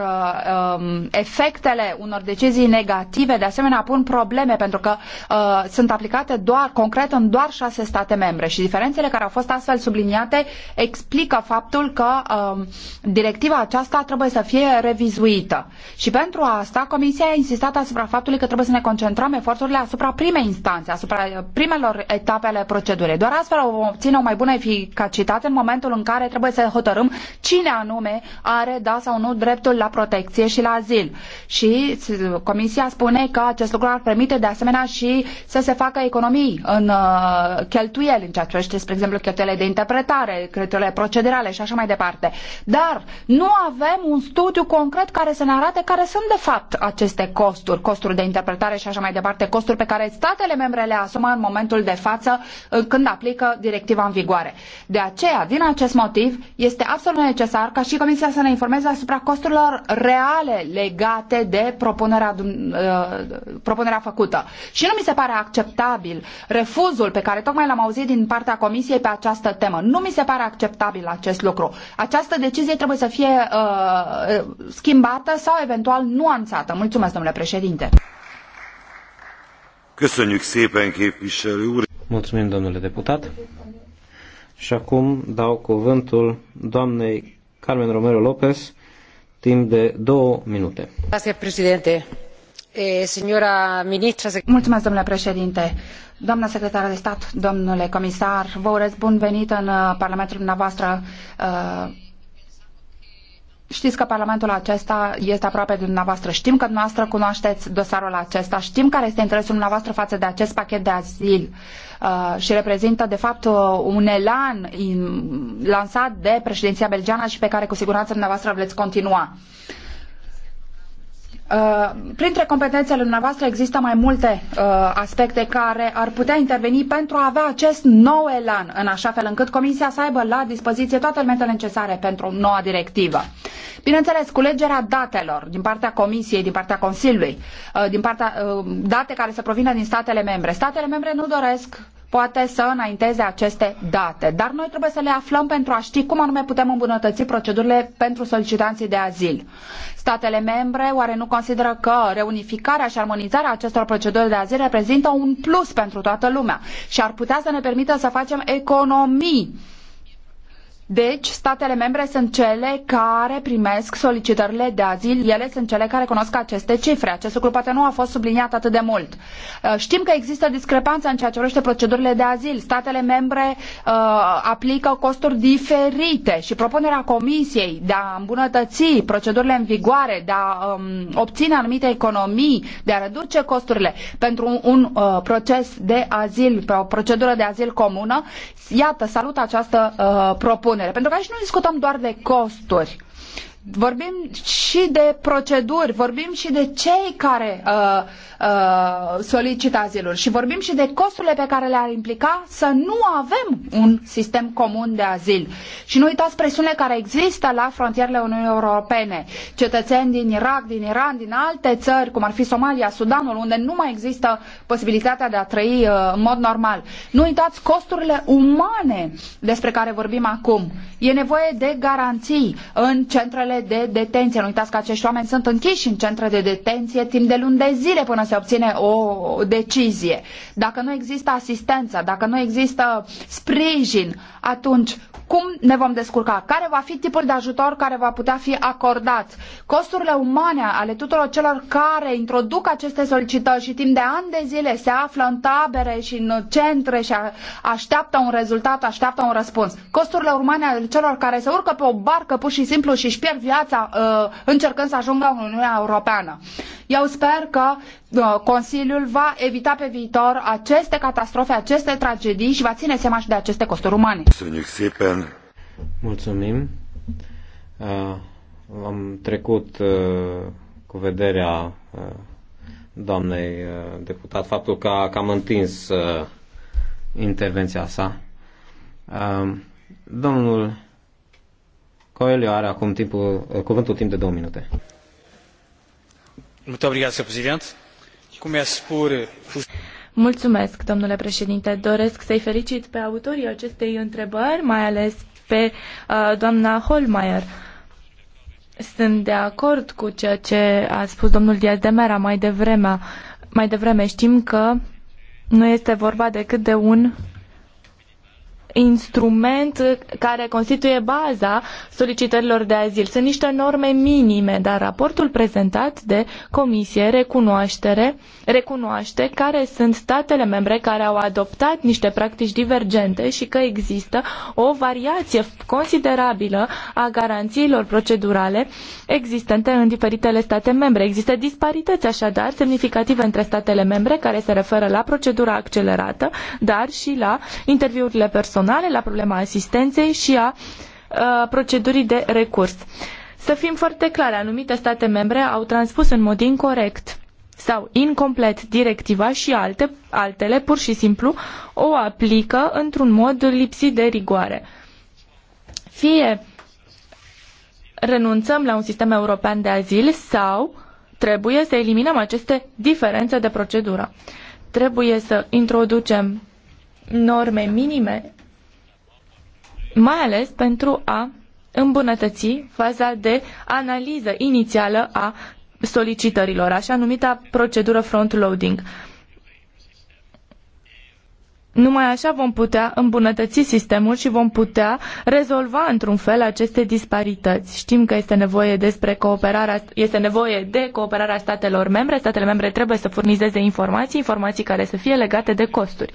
um, efectele unor decizii negative, de asemenea, pun probleme pentru că uh, sunt aplicate doar concret în doar șase state membre și diferențele care au fost astfel subliniate explică faptul că um, directiva aceasta trebuie să fie revizuită. Și pentru asta Comisia a insistat asupra faptului că trebuie să ne concentrăm eforturile asupra primei instanțe, asupra uh, primelor etape ale procedurii. Doar astfel vom obține o mai bună eficacitate în momentul în care trebuie să hotărâm cine anume are da sau nu drept dreptul la protecție și la azil. Și Comisia spune că acest lucru ar permite de asemenea și să se facă economii în uh, cheltuieli, în ceea ce privește, spre exemplu, cheltuielile de interpretare, cheltuielile procedurale și așa mai departe. Dar nu avem un studiu concret care să ne arate care sunt de fapt aceste costuri, costuri de interpretare și așa mai departe, costuri pe care statele membre le asumă în momentul de față uh, când aplică directiva în vigoare. De aceea, din acest motiv, este absolut necesar ca și Comisia să ne informeze asupra costurilor costurilor reale legate de propunerea, uh, propunerea făcută. Și nu mi se pare acceptabil refuzul pe care tocmai l-am auzit din partea Comisiei pe această temă. Nu mi se pare acceptabil acest lucru. Această decizie trebuie să fie uh, schimbată sau eventual nuanțată. Mulțumesc, domnule președinte. Mulțumim, domnule deputat. Și acum dau cuvântul doamnei Carmen Romero Lopez timp de două minute. Eh, Mulțumesc, domnule președinte. Doamna secretară de stat, domnule comisar, vă urez bun venit în uh, Parlamentul dumneavoastră uh, Știți că Parlamentul acesta este aproape de dumneavoastră. Știm că dumneavoastră cunoașteți dosarul acesta. Știm care este interesul dumneavoastră față de acest pachet de azil uh, și reprezintă, de fapt, uh, un elan lansat de președinția belgeană și pe care, cu siguranță, dumneavoastră vreți continua. Uh, printre competențele dumneavoastră există mai multe uh, aspecte care ar putea interveni pentru a avea acest nou elan, în așa fel încât Comisia să aibă la dispoziție toate elementele necesare pentru noua directivă. Bineînțeles, culegerea datelor din partea Comisiei, din partea Consiliului, uh, din partea uh, date care să provină din statele membre. Statele membre nu doresc poate să înainteze aceste date. Dar noi trebuie să le aflăm pentru a ști cum anume putem îmbunătăți procedurile pentru solicitanții de azil. Statele membre oare nu consideră că reunificarea și armonizarea acestor proceduri de azil reprezintă un plus pentru toată lumea și ar putea să ne permită să facem economii deci, statele membre sunt cele care primesc solicitările de azil, ele sunt cele care cunosc aceste cifre. Acest lucru poate nu a fost subliniat atât de mult. Uh, știm că există discrepanță în ceea ce vrește procedurile de azil. Statele membre uh, aplică costuri diferite și propunerea Comisiei de a îmbunătăți procedurile în vigoare, de a um, obține anumite economii, de a reduce costurile pentru un uh, proces de azil, o procedură de azil comună, iată, salut această uh, propunere propunere, pentru că aici nu discutăm doar de costuri vorbim și de proceduri, vorbim și de cei care uh, uh, solicită azilul și vorbim și de costurile pe care le-ar implica să nu avem un sistem comun de azil. Și nu uitați presiunile care există la frontierele Uniunii Europene. Cetățeni din Irak, din Iran, din alte țări, cum ar fi Somalia, Sudanul, unde nu mai există posibilitatea de a trăi uh, în mod normal. Nu uitați costurile umane despre care vorbim acum. E nevoie de garanții în centrele centrele de detenție. Nu uitați că acești oameni sunt închiși în centre de detenție timp de luni de zile până se obține o decizie. Dacă nu există asistență, dacă nu există sprijin, atunci cum ne vom descurca? Care va fi tipul de ajutor care va putea fi acordat? Costurile umane ale tuturor celor care introduc aceste solicitări și timp de ani de zile se află în tabere și în centre și așteaptă un rezultat, așteaptă un răspuns. Costurile umane ale celor care se urcă pe o barcă pur și simplu și își pierd viața uh, încercând să ajungă în Uniunea Europeană. Eu sper că uh, Consiliul va evita pe viitor aceste catastrofe, aceste tragedii și va ține seama și de aceste costuri umane. Mulțumim. Uh, am trecut cu vederea doamnei deputat faptul că a cam întins intervenția sa. Domnul Coelho are acum timpul, uh, cuvântul timp de două minute. Mulțumesc, domnule președinte. Doresc să-i felicit pe autorii acestei întrebări, mai ales pe uh, doamna Holmeier. Sunt de acord cu ceea ce a spus domnul Diaz de Mera mai devreme. Mai devreme știm că nu este vorba decât de un instrument care constituie baza solicitărilor de azil. Sunt niște norme minime, dar raportul prezentat de comisie recunoaștere, recunoaște care sunt statele membre care au adoptat niște practici divergente și că există o variație considerabilă a garanțiilor procedurale existente în diferitele state membre. Există disparități așadar semnificative între statele membre care se referă la procedura accelerată, dar și la interviurile personale personale, la problema asistenței și a uh, procedurii de recurs. Să fim foarte clare, anumite state membre au transpus în mod incorrect sau incomplet directiva și alte, altele pur și simplu o aplică într-un mod lipsit de rigoare. Fie renunțăm la un sistem european de azil sau trebuie să eliminăm aceste diferențe de procedură. Trebuie să introducem norme minime mai ales pentru a îmbunătăți faza de analiză inițială a solicitărilor, așa numita procedură front-loading. Numai așa vom putea îmbunătăți sistemul și vom putea rezolva într-un fel aceste disparități. Știm că este nevoie, despre cooperarea, este nevoie de cooperarea statelor membre. Statele membre trebuie să furnizeze informații, informații care să fie legate de costuri.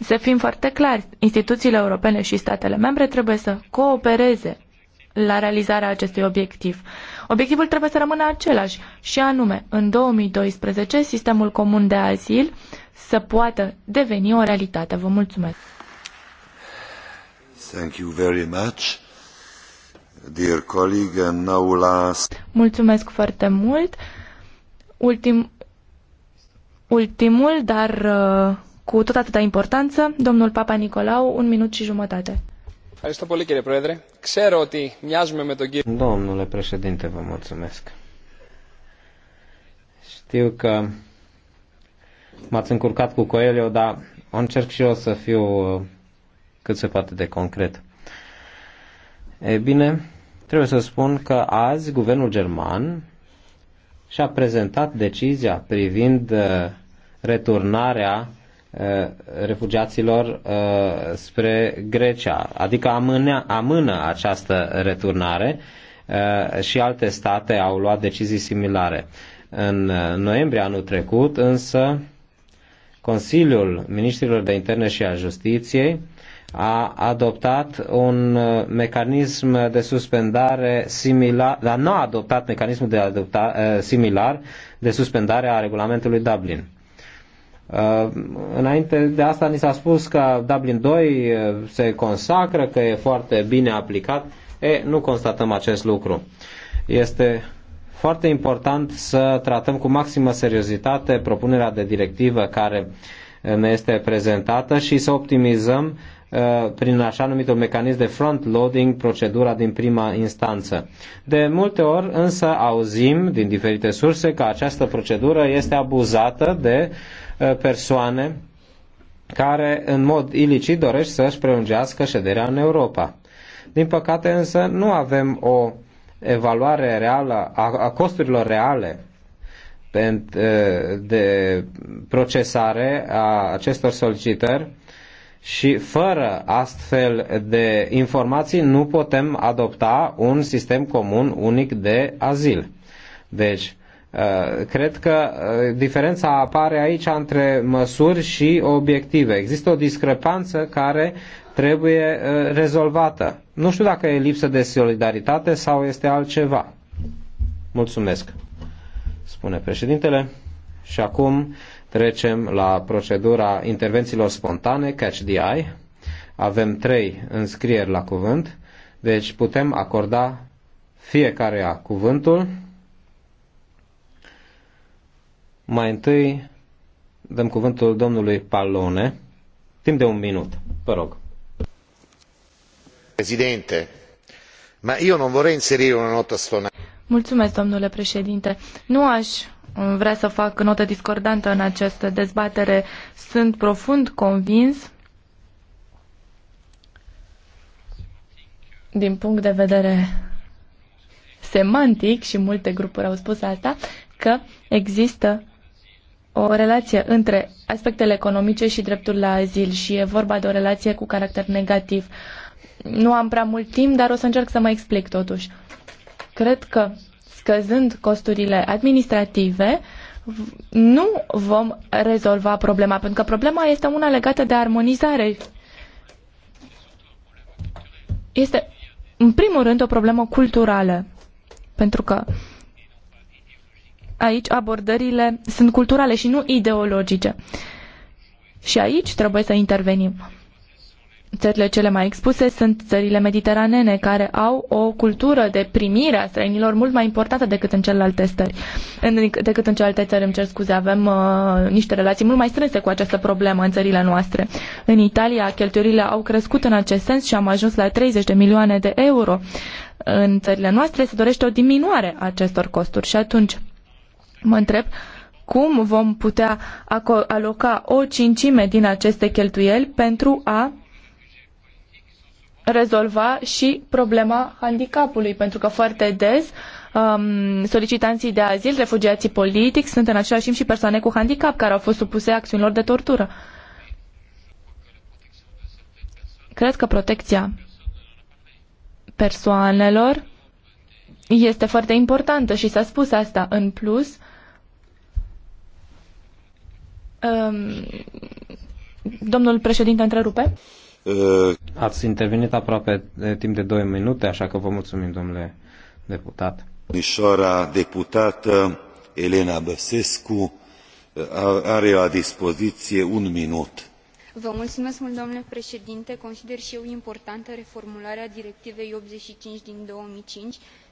Să fim foarte clari, instituțiile europene și statele membre trebuie să coopereze la realizarea acestui obiectiv. Obiectivul trebuie să rămână același și anume, în 2012, sistemul comun de azil să poată deveni o realitate. Vă mulțumesc! Thank you very much, dear colleague, and now last... Mulțumesc foarte mult! Ultim, ultimul, dar uh, cu tot atâta importanță. Domnul Papa Nicolau, un minut și jumătate. Domnule președinte, vă mulțumesc. Știu că m-ați încurcat cu Coelio, dar încerc și eu să fiu uh, cât se poate de concret. E bine, trebuie să spun că azi guvernul german și-a prezentat decizia privind uh, returnarea Uh, refugiaților uh, spre Grecia, adică amână, amână această returnare uh, și alte state au luat decizii similare. În noiembrie anul trecut, însă, Consiliul Ministrilor de Interne și a Justiției a adoptat un mecanism de suspendare similar, dar nu a adoptat mecanismul de adopta, similar de suspendare a regulamentului Dublin Uh, înainte de asta ni s-a spus că Dublin 2 uh, se consacră, că e foarte bine aplicat. E, nu constatăm acest lucru. Este foarte important să tratăm cu maximă seriozitate propunerea de directivă care uh, ne este prezentată și să optimizăm prin așa numitul mecanism de front-loading procedura din prima instanță. De multe ori însă auzim din diferite surse că această procedură este abuzată de uh, Uh, persoane care în mod ilicit dorește să-și prelungească șederea în Europa. Din păcate însă nu avem o evaluare reală a costurilor reale uh, de procesare a acestor solicitări și fără astfel de informații nu putem adopta un sistem comun unic de azil. Deci, Uh, cred că uh, diferența apare aici între măsuri și obiective. Există o discrepanță care trebuie uh, rezolvată. Nu știu dacă e lipsă de solidaritate sau este altceva. Mulțumesc, spune președintele. Și acum trecem la procedura intervențiilor spontane, catch the eye. Avem trei înscrieri la cuvânt, deci putem acorda fiecare cuvântul mai întâi dăm cuvântul domnului Pallone, timp de un minut. Vă rog. Președinte, ma io non vorrei inserire una nota stonata. Mulțumesc, domnule președinte. Nu aș mm, vrea să fac notă discordantă în această dezbatere. Sunt profund convins din punct de vedere semantic și multe grupuri au spus asta, că există o relație între aspectele economice și dreptul la azil și e vorba de o relație cu caracter negativ. Nu am prea mult timp, dar o să încerc să mă explic totuși. Cred că scăzând costurile administrative, nu vom rezolva problema, pentru că problema este una legată de armonizare. Este, în primul rând, o problemă culturală, pentru că aici abordările sunt culturale și nu ideologice. Și aici trebuie să intervenim. Țările cele mai expuse sunt țările mediteranene, care au o cultură de primire a străinilor mult mai importantă decât în celelalte țări. În, decât în celelalte țări, îmi cer scuze, avem uh, niște relații mult mai strânse cu această problemă în țările noastre. În Italia, cheltuielile au crescut în acest sens și am ajuns la 30 de milioane de euro. În țările noastre se dorește o diminuare a acestor costuri și atunci Mă întreb cum vom putea aloca o cincime din aceste cheltuieli pentru a rezolva și problema handicapului, pentru că foarte des um, solicitanții de azil, refugiații politici, sunt în același timp și persoane cu handicap care au fost supuse acțiunilor de tortură. Cred că protecția persoanelor este foarte importantă și s-a spus asta în plus domnul președinte, întrerupe? Uh. Ați intervenit aproape de timp de 2 minute, așa că vă mulțumim, domnule deputat. Domnișoara deputată Elena Băsescu are la dispoziție un minut. Vă mulțumesc mult, domnule președinte. Consider și eu importantă reformularea directivei 85 din 2005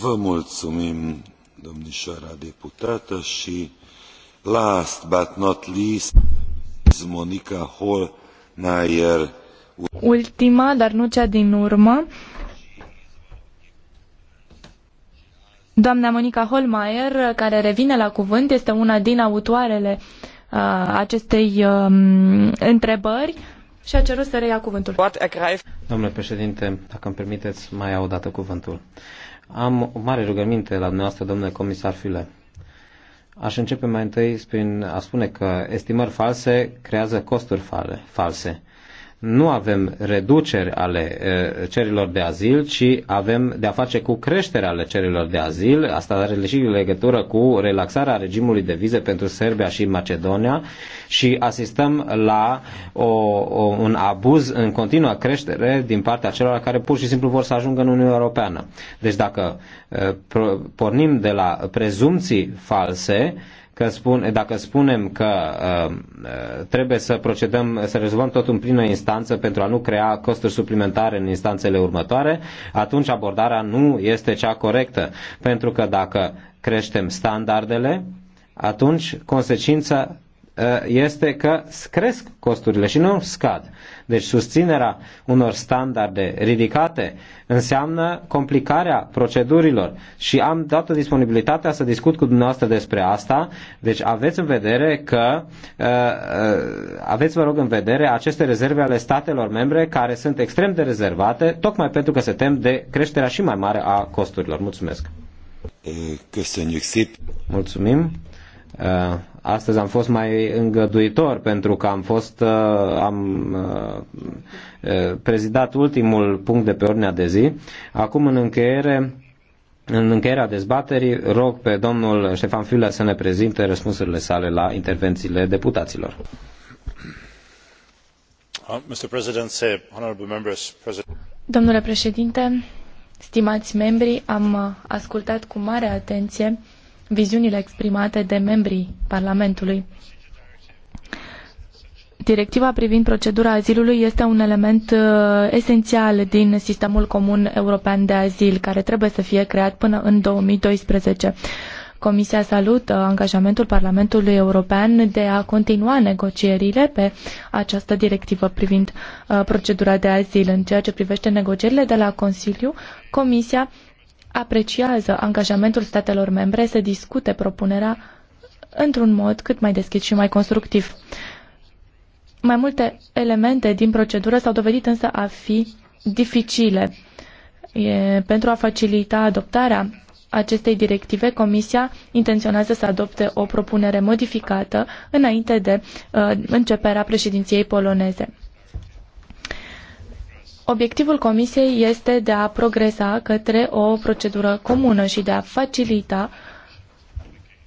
Vă mulțumim, domnișoara deputată, și last but not least, Monica Ultima, dar nu cea din urmă, Doamna Monica Holmeier, care revine la cuvânt, este una din autoarele uh, acestei uh, întrebări și a cerut să reia cuvântul. Domnule președinte, dacă îmi permiteți, mai au o dată cuvântul. Am o mare rugăminte la dumneavoastră, domnule comisar File. Aș începe mai întâi prin a spune că estimări false creează costuri fale, false nu avem reduceri ale cerilor de azil, ci avem de a face cu creșterea ale cerilor de azil. Asta are și legătură cu relaxarea regimului de vize pentru Serbia și Macedonia și asistăm la o, o, un abuz în continuă creștere din partea celor care pur și simplu vor să ajungă în Uniunea Europeană. Deci dacă pornim de la prezumții false, că spun, dacă spunem că uh, uh trebuie să procedăm, să rezolvăm totul în primă instanță pentru a nu crea costuri suplimentare în instanțele următoare, atunci abordarea nu este cea corectă. Pentru că dacă creștem standardele, atunci consecința Uh, este că cresc costurile și nu scad. Deci susținerea unor standarde ridicate înseamnă complicarea procedurilor și am dat disponibilitatea să discut cu dumneavoastră despre asta. Deci aveți în vedere că uh, uh, aveți, vă rog, în vedere aceste rezerve ale statelor membre care sunt extrem de rezervate, tocmai pentru că se tem de creșterea și mai mare a costurilor. Mulțumesc! Eh, Mulțumim! Astăzi am fost mai îngăduitor pentru că am fost uh, am uh, uh, prezidat ultimul punct de pe ordinea de zi. Acum în încheiere în încheierea dezbaterii, rog pe domnul Ștefan Fiulea să ne prezinte răspunsurile sale la intervențiile deputaților. Domnule președinte, stimați membri, am ascultat cu mare atenție viziunile exprimate de membrii Parlamentului. Directiva privind procedura azilului este un element uh, esențial din sistemul comun european de azil, care trebuie să fie creat până în 2012. Comisia salută angajamentul Parlamentului European de a continua negocierile pe această directivă privind uh, procedura de azil. În ceea ce privește negocierile de la Consiliu, Comisia apreciază angajamentul statelor membre să discute propunerea într-un mod cât mai deschis și mai constructiv. Mai multe elemente din procedură s-au dovedit însă a fi dificile. E, pentru a facilita adoptarea acestei directive, Comisia intenționează să adopte o propunere modificată înainte de uh, începerea președinției poloneze. Obiectivul Comisiei este de a progresa către o procedură comună și de a facilita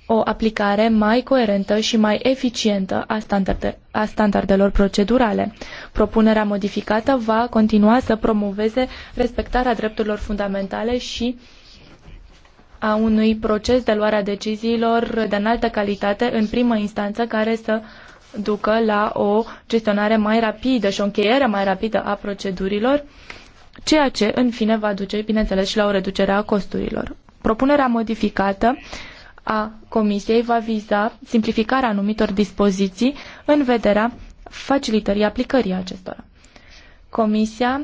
o aplicare mai coerentă și mai eficientă a, standarde, a standardelor procedurale. Propunerea modificată va continua să promoveze respectarea drepturilor fundamentale și a unui proces de luare a deciziilor de înaltă calitate în primă instanță care să ducă la o gestionare mai rapidă și o încheiere mai rapidă a procedurilor, ceea ce, în fine, va duce, bineînțeles, și la o reducere a costurilor. Propunerea modificată a Comisiei va viza simplificarea anumitor dispoziții în vederea facilitării aplicării acestora. Comisia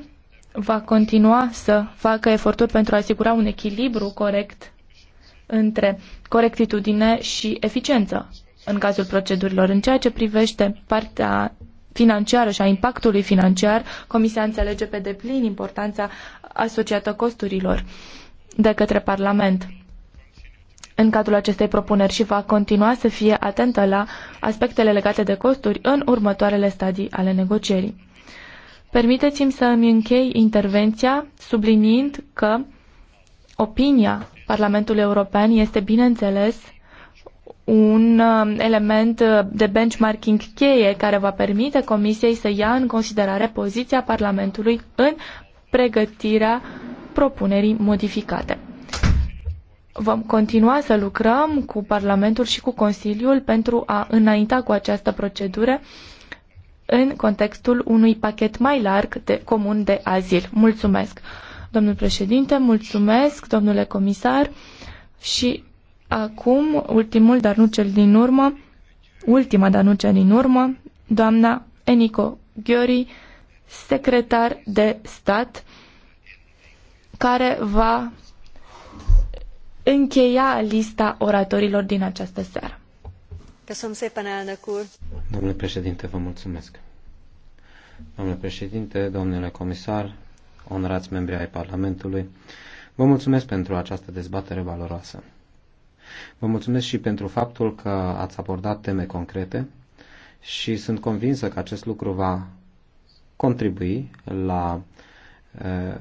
va continua să facă eforturi pentru a asigura un echilibru corect între corectitudine și eficiență în cazul procedurilor. În ceea ce privește partea financiară și a impactului financiar, Comisia înțelege pe deplin importanța asociată costurilor de către Parlament. În cadrul acestei propuneri și va continua să fie atentă la aspectele legate de costuri în următoarele stadii ale negocierii. Permiteți-mi să îmi închei intervenția subliniind că opinia Parlamentului European este, bineînțeles, un uh, element uh, de benchmarking cheie care va permite Comisiei să ia în considerare poziția Parlamentului în pregătirea propunerii modificate. Vom continua să lucrăm cu Parlamentul și cu Consiliul pentru a înainta cu această procedură în contextul unui pachet mai larg de comun de azil. Mulțumesc, domnul președinte, mulțumesc, domnule comisar și Acum, ultimul, dar nu cel din urmă, ultima, dar nu cel din urmă, doamna Eniko Ghiori, secretar de stat, care va încheia lista oratorilor din această seară. Domnule președinte, vă mulțumesc. Domnule președinte, domnule comisar, onorați membri ai Parlamentului, vă mulțumesc pentru această dezbatere valoroasă. Vă mulțumesc și pentru faptul că ați abordat teme concrete și sunt convinsă că acest lucru va contribui la, eh,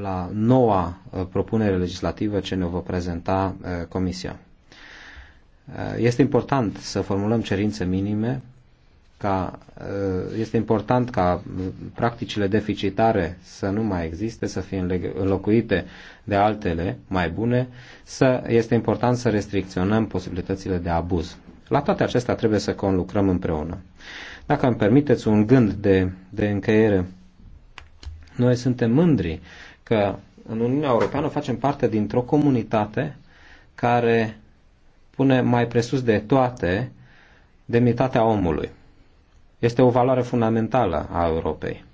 la noua eh, propunere legislativă ce ne va prezenta eh, Comisia. Este important să formulăm cerințe minime ca, uh, este important ca uh, practicile deficitare să nu mai existe, să fie înlocuite de altele mai bune, să, este important să restricționăm posibilitățile de abuz. La toate acestea trebuie să conlucrăm împreună. Dacă îmi permiteți un gând de, de încheiere, noi suntem mândri că în Uniunea Europeană facem parte dintr-o comunitate care pune mai presus de toate demnitatea omului. Este o valoare fundamentală a Europei.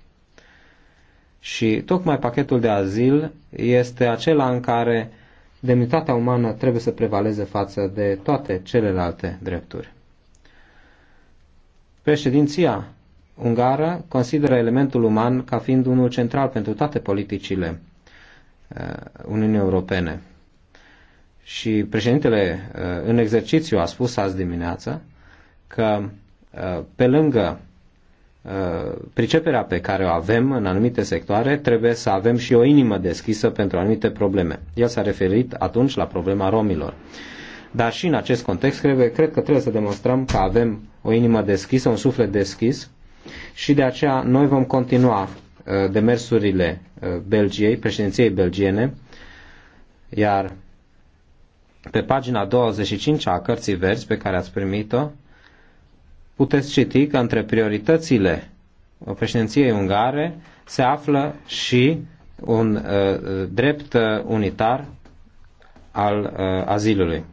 Și tocmai pachetul de azil este acela în care demnitatea umană trebuie să prevaleze față de toate celelalte drepturi. Președinția ungară consideră elementul uman ca fiind unul central pentru toate politicile uh, Uniunii Europene. Și președintele uh, în exercițiu a spus azi dimineață că Uh, pe lângă uh, priceperea pe care o avem în anumite sectoare, trebuie să avem și o inimă deschisă pentru anumite probleme. El s-a referit atunci la problema romilor. Dar și în acest context, cred, cred că trebuie să demonstrăm că avem o inimă deschisă, un suflet deschis și de aceea noi vom continua uh, demersurile Belgiei, președinției belgiene, iar pe pagina 25 a cărții verzi pe care ați primit-o, puteți citi că între prioritățile președinției ungare se află și un uh, drept uh, unitar al uh, azilului.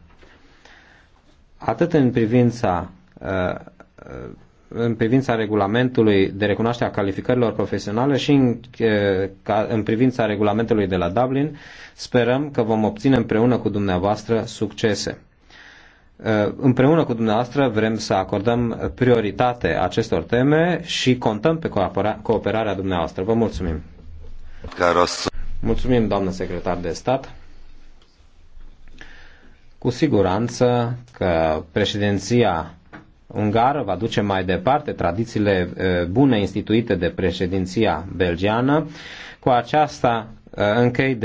Atât în privința uh, în privința regulamentului de recunoaștere a calificărilor profesionale și în, uh, în privința regulamentului de la Dublin, sperăm că vom obține împreună cu dumneavoastră succese. Uh, împreună cu dumneavoastră vrem să acordăm prioritate acestor teme și contăm pe cooperarea dumneavoastră. Vă mulțumim! Mulțumim, doamnă secretar de stat. Cu siguranță că președinția ungară va duce mai departe tradițiile uh, bune instituite de președinția belgiană. Cu aceasta uh, închei de